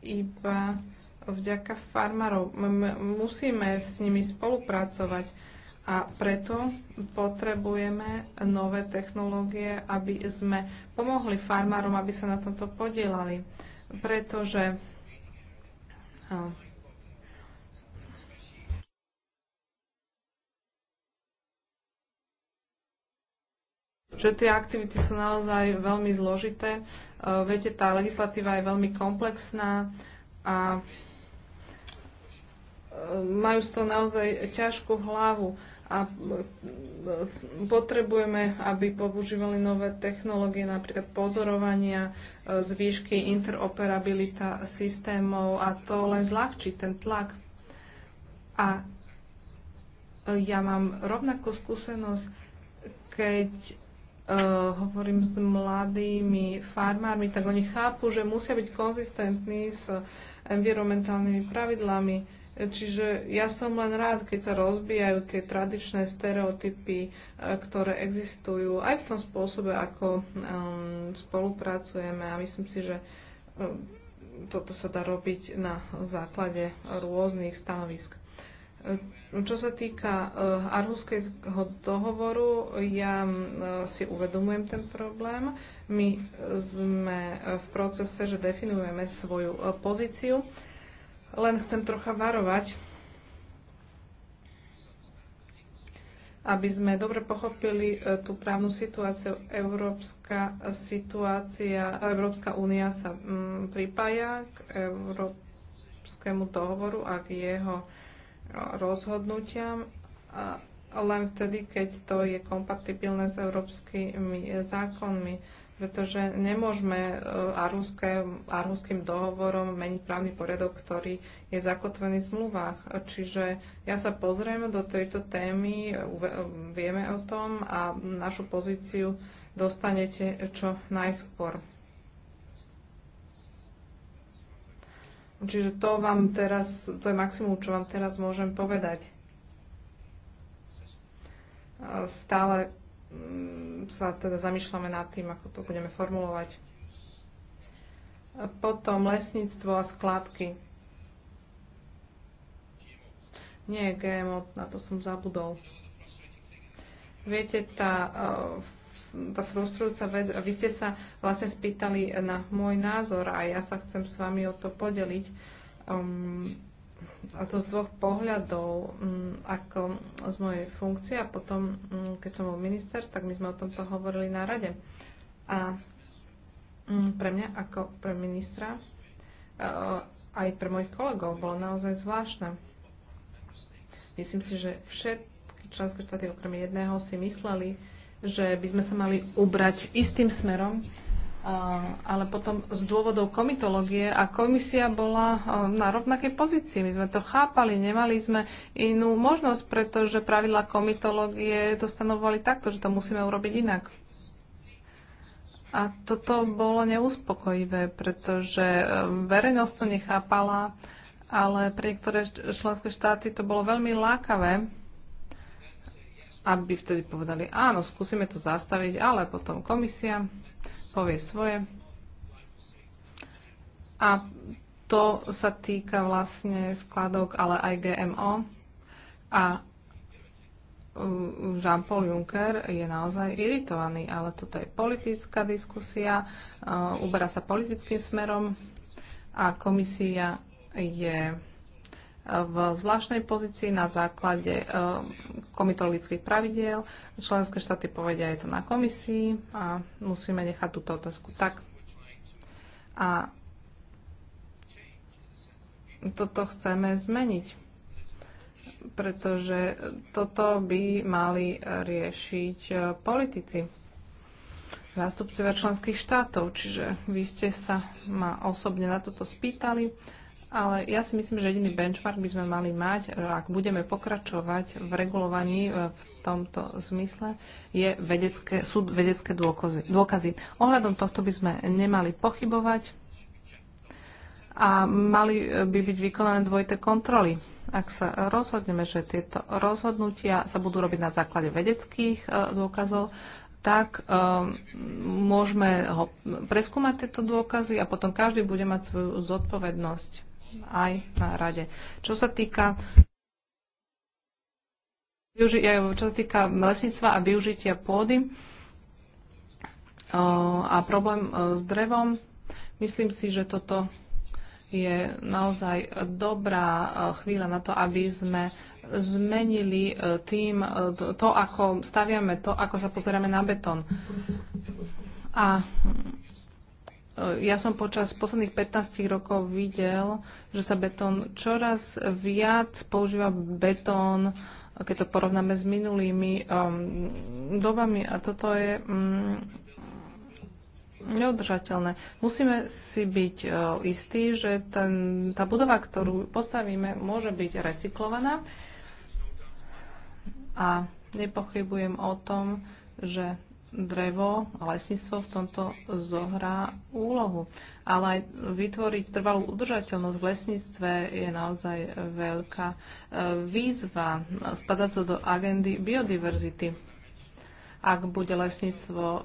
iba vďaka farmárov. Musíme s nimi spolupracovať a preto potrebujeme nové technológie, aby sme pomohli farmárom, aby sa na tomto podielali. Pretože že tie aktivity sú naozaj veľmi zložité. E, viete, tá legislatíva je veľmi komplexná a e, majú z toho naozaj ťažkú hlavu a e, potrebujeme, aby používali nové technológie, napríklad pozorovania, zvýšky, interoperabilita systémov a to len zľahčí ten tlak. A ja mám rovnakú skúsenosť, keď Eh, hovorím s mladými farmármi, tak oni chápu, že musia byť konzistentní s environmentálnymi pravidlami. Eh, čiže ja som len rád, keď sa rozbijajú tie tradičné stereotypy, eh, ktoré existujú aj v tom spôsobe, ako um, spolupracujeme. A myslím si, že um, toto sa dá robiť na základe rôznych stanovisk. E, čo sa týka e, Arhuského dohovoru, ja e, si uvedomujem ten problém. My sme v procese, že definujeme svoju pozíciu. Len chcem trocha varovať, aby sme dobre pochopili tú právnu situáciu. Európska situácia, Európska únia sa mm, pripája k Európskemu dohovoru a k jeho rozhodnutiam len vtedy, keď to je kompatibilné s európskymi zákonmi, pretože nemôžeme e, arhuským, dohovorom meniť právny poriadok, ktorý je zakotvený v zmluvách. Čiže ja sa pozriem do tejto témy, vieme o tom a našu pozíciu dostanete čo najskôr. Čiže to vám teraz, to je maximum, čo vám teraz môžem povedať. Stále mm, sa teda zamýšľame nad tým, ako to budeme formulovať. Potom lesníctvo a skladky. Nie GMO, na to som zabudol. Viete, tá uh, tá frustrujúca vec. A vy ste sa vlastne spýtali na môj názor a ja sa chcem s vami o to podeliť. Um, a to z dvoch pohľadov, um, ako z mojej funkcie a potom, um, keď som bol minister, tak my sme o tomto hovorili na rade. A um, pre mňa ako pre ministra, uh, aj pre mojich kolegov, bolo naozaj zvláštne. Myslím si, že všetky členské štáty okrem jedného si mysleli, že by sme sa mali ubrať istým smerom, ale potom z dôvodov komitológie a komisia bola na rovnakej pozícii. My sme to chápali, nemali sme inú možnosť, pretože pravidla komitológie to stanovovali takto, že to musíme urobiť inak. A toto bolo neuspokojivé, pretože e, verejnosť to nechápala, ale pre niektoré členské štáty to bolo veľmi lákavé aby vtedy povedali, áno, skúsime to zastaviť, ale potom komisia povie svoje. A to sa týka vlastne skladok, ale aj GMO. A Jean-Paul Juncker je naozaj iritovaný, ale toto je politická diskusia, e, uberá sa politickým smerom a komisia je v zvláštnej pozícii na základe eh, komitologických pravidiel. Členské štáty povedia, aj to na komisii a musíme nechať túto otázku tak. A toto chceme zmeniť, pretože toto by mali riešiť eh, politici zástupcovia členských štátov. Čiže vy ste sa ma osobne na toto spýtali ale ja si myslím, že jediný benchmark by sme mali mať, e, ak budeme pokračovať v regulovaní e, v tomto zmysle, je vedecké, sú vedecké dôkazy, dôkazy. Ohľadom tohto by sme nemali pochybovať a mali e, by byť vykonané dvojité kontroly. Ak sa rozhodneme, že tieto rozhodnutia sa budú robiť na základe vedeckých dôkazov, tak um, môžeme ho preskúmať tieto dôkazy a potom každý bude mať svoju zodpovednosť aj na rade. Čo sa týka čo sa týka lesníctva a využitia pôdy a problém s drevom, myslím si, že toto je naozaj dobrá chvíľa na to, aby sme zmenili tým to, ako staviame, to, ako sa pozeráme na betón. A E, ja som počas posledných 15 rokov videl, že sa betón čoraz viac používa betón, keď to porovnáme s minulými um, dobami. A toto je um, neudržateľné. Musíme si byť uh, istí, že ten, tá budova, ktorú postavíme, môže byť recyklovaná. A nepochybujem o tom, že drevo a lesníctvo v tomto zohrá úlohu. Ale aj vytvoriť trvalú udržateľnosť v lesníctve je naozaj veľká e, výzva. Spadá to do agendy biodiverzity. Ak bude lesníctvo, e,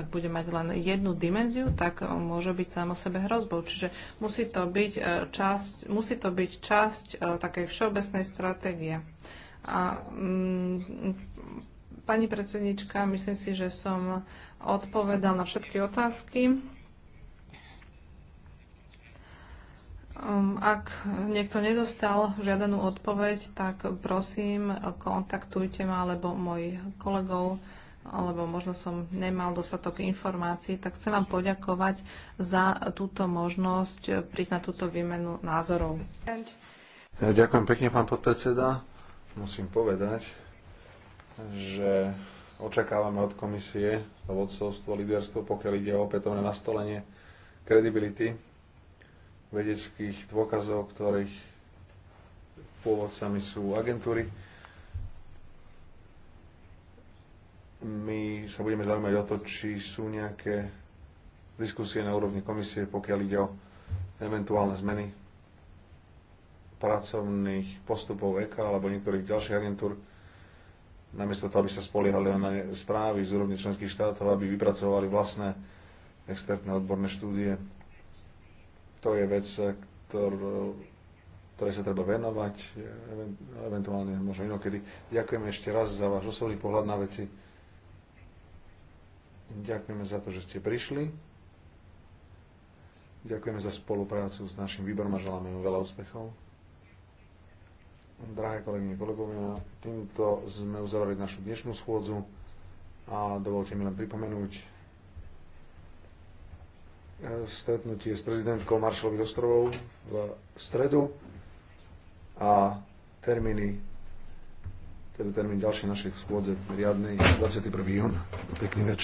ak bude mať len jednu dimenziu, tak môže byť samo sebe hrozbou. Čiže musí to byť e, časť, musí to byť časť takej všeobecnej stratégie. A mm, Pani predsednička, myslím si, že som odpovedal na všetky otázky. Um, ak niekto nedostal žiadanú odpoveď, tak prosím, kontaktujte ma alebo mojich kolegov, alebo možno som nemal dostatok informácií, tak chcem vám poďakovať za túto možnosť priznať túto výmenu názorov. Ďakujem pekne, pán podpredseda. Musím povedať, že očakávame od komisie vodcovstvo, liderstvo, pokiaľ ide o opätovné nastolenie kredibility vedeckých dôkazov, ktorých pôvodcami sú agentúry. My sa budeme zaujímať o to, či sú nejaké diskusie na úrovni komisie, pokiaľ ide o eventuálne zmeny pracovných postupov EKA alebo niektorých ďalších agentúr, namiesto toho, aby sa spoliehali na správy z úrovne členských štátov, aby vypracovali vlastné expertné odborné štúdie. To je vec, ktorú, ktorej sa treba venovať, eventuálne možno inokedy. Ďakujeme ešte raz za váš osobný pohľad na veci. Ďakujeme za to, že ste prišli. Ďakujeme za spoluprácu s našim výborom a želáme mu veľa úspechov. Drahé kolegyne, kolegovia, týmto sme uzavreli našu dnešnú schôdzu a dovolte mi len pripomenúť e, stretnutie s prezidentkou Maršalových ostrovov v stredu a termíny teda termín ďalšej našej schôdze riadnej 21. jún. Pekný večer.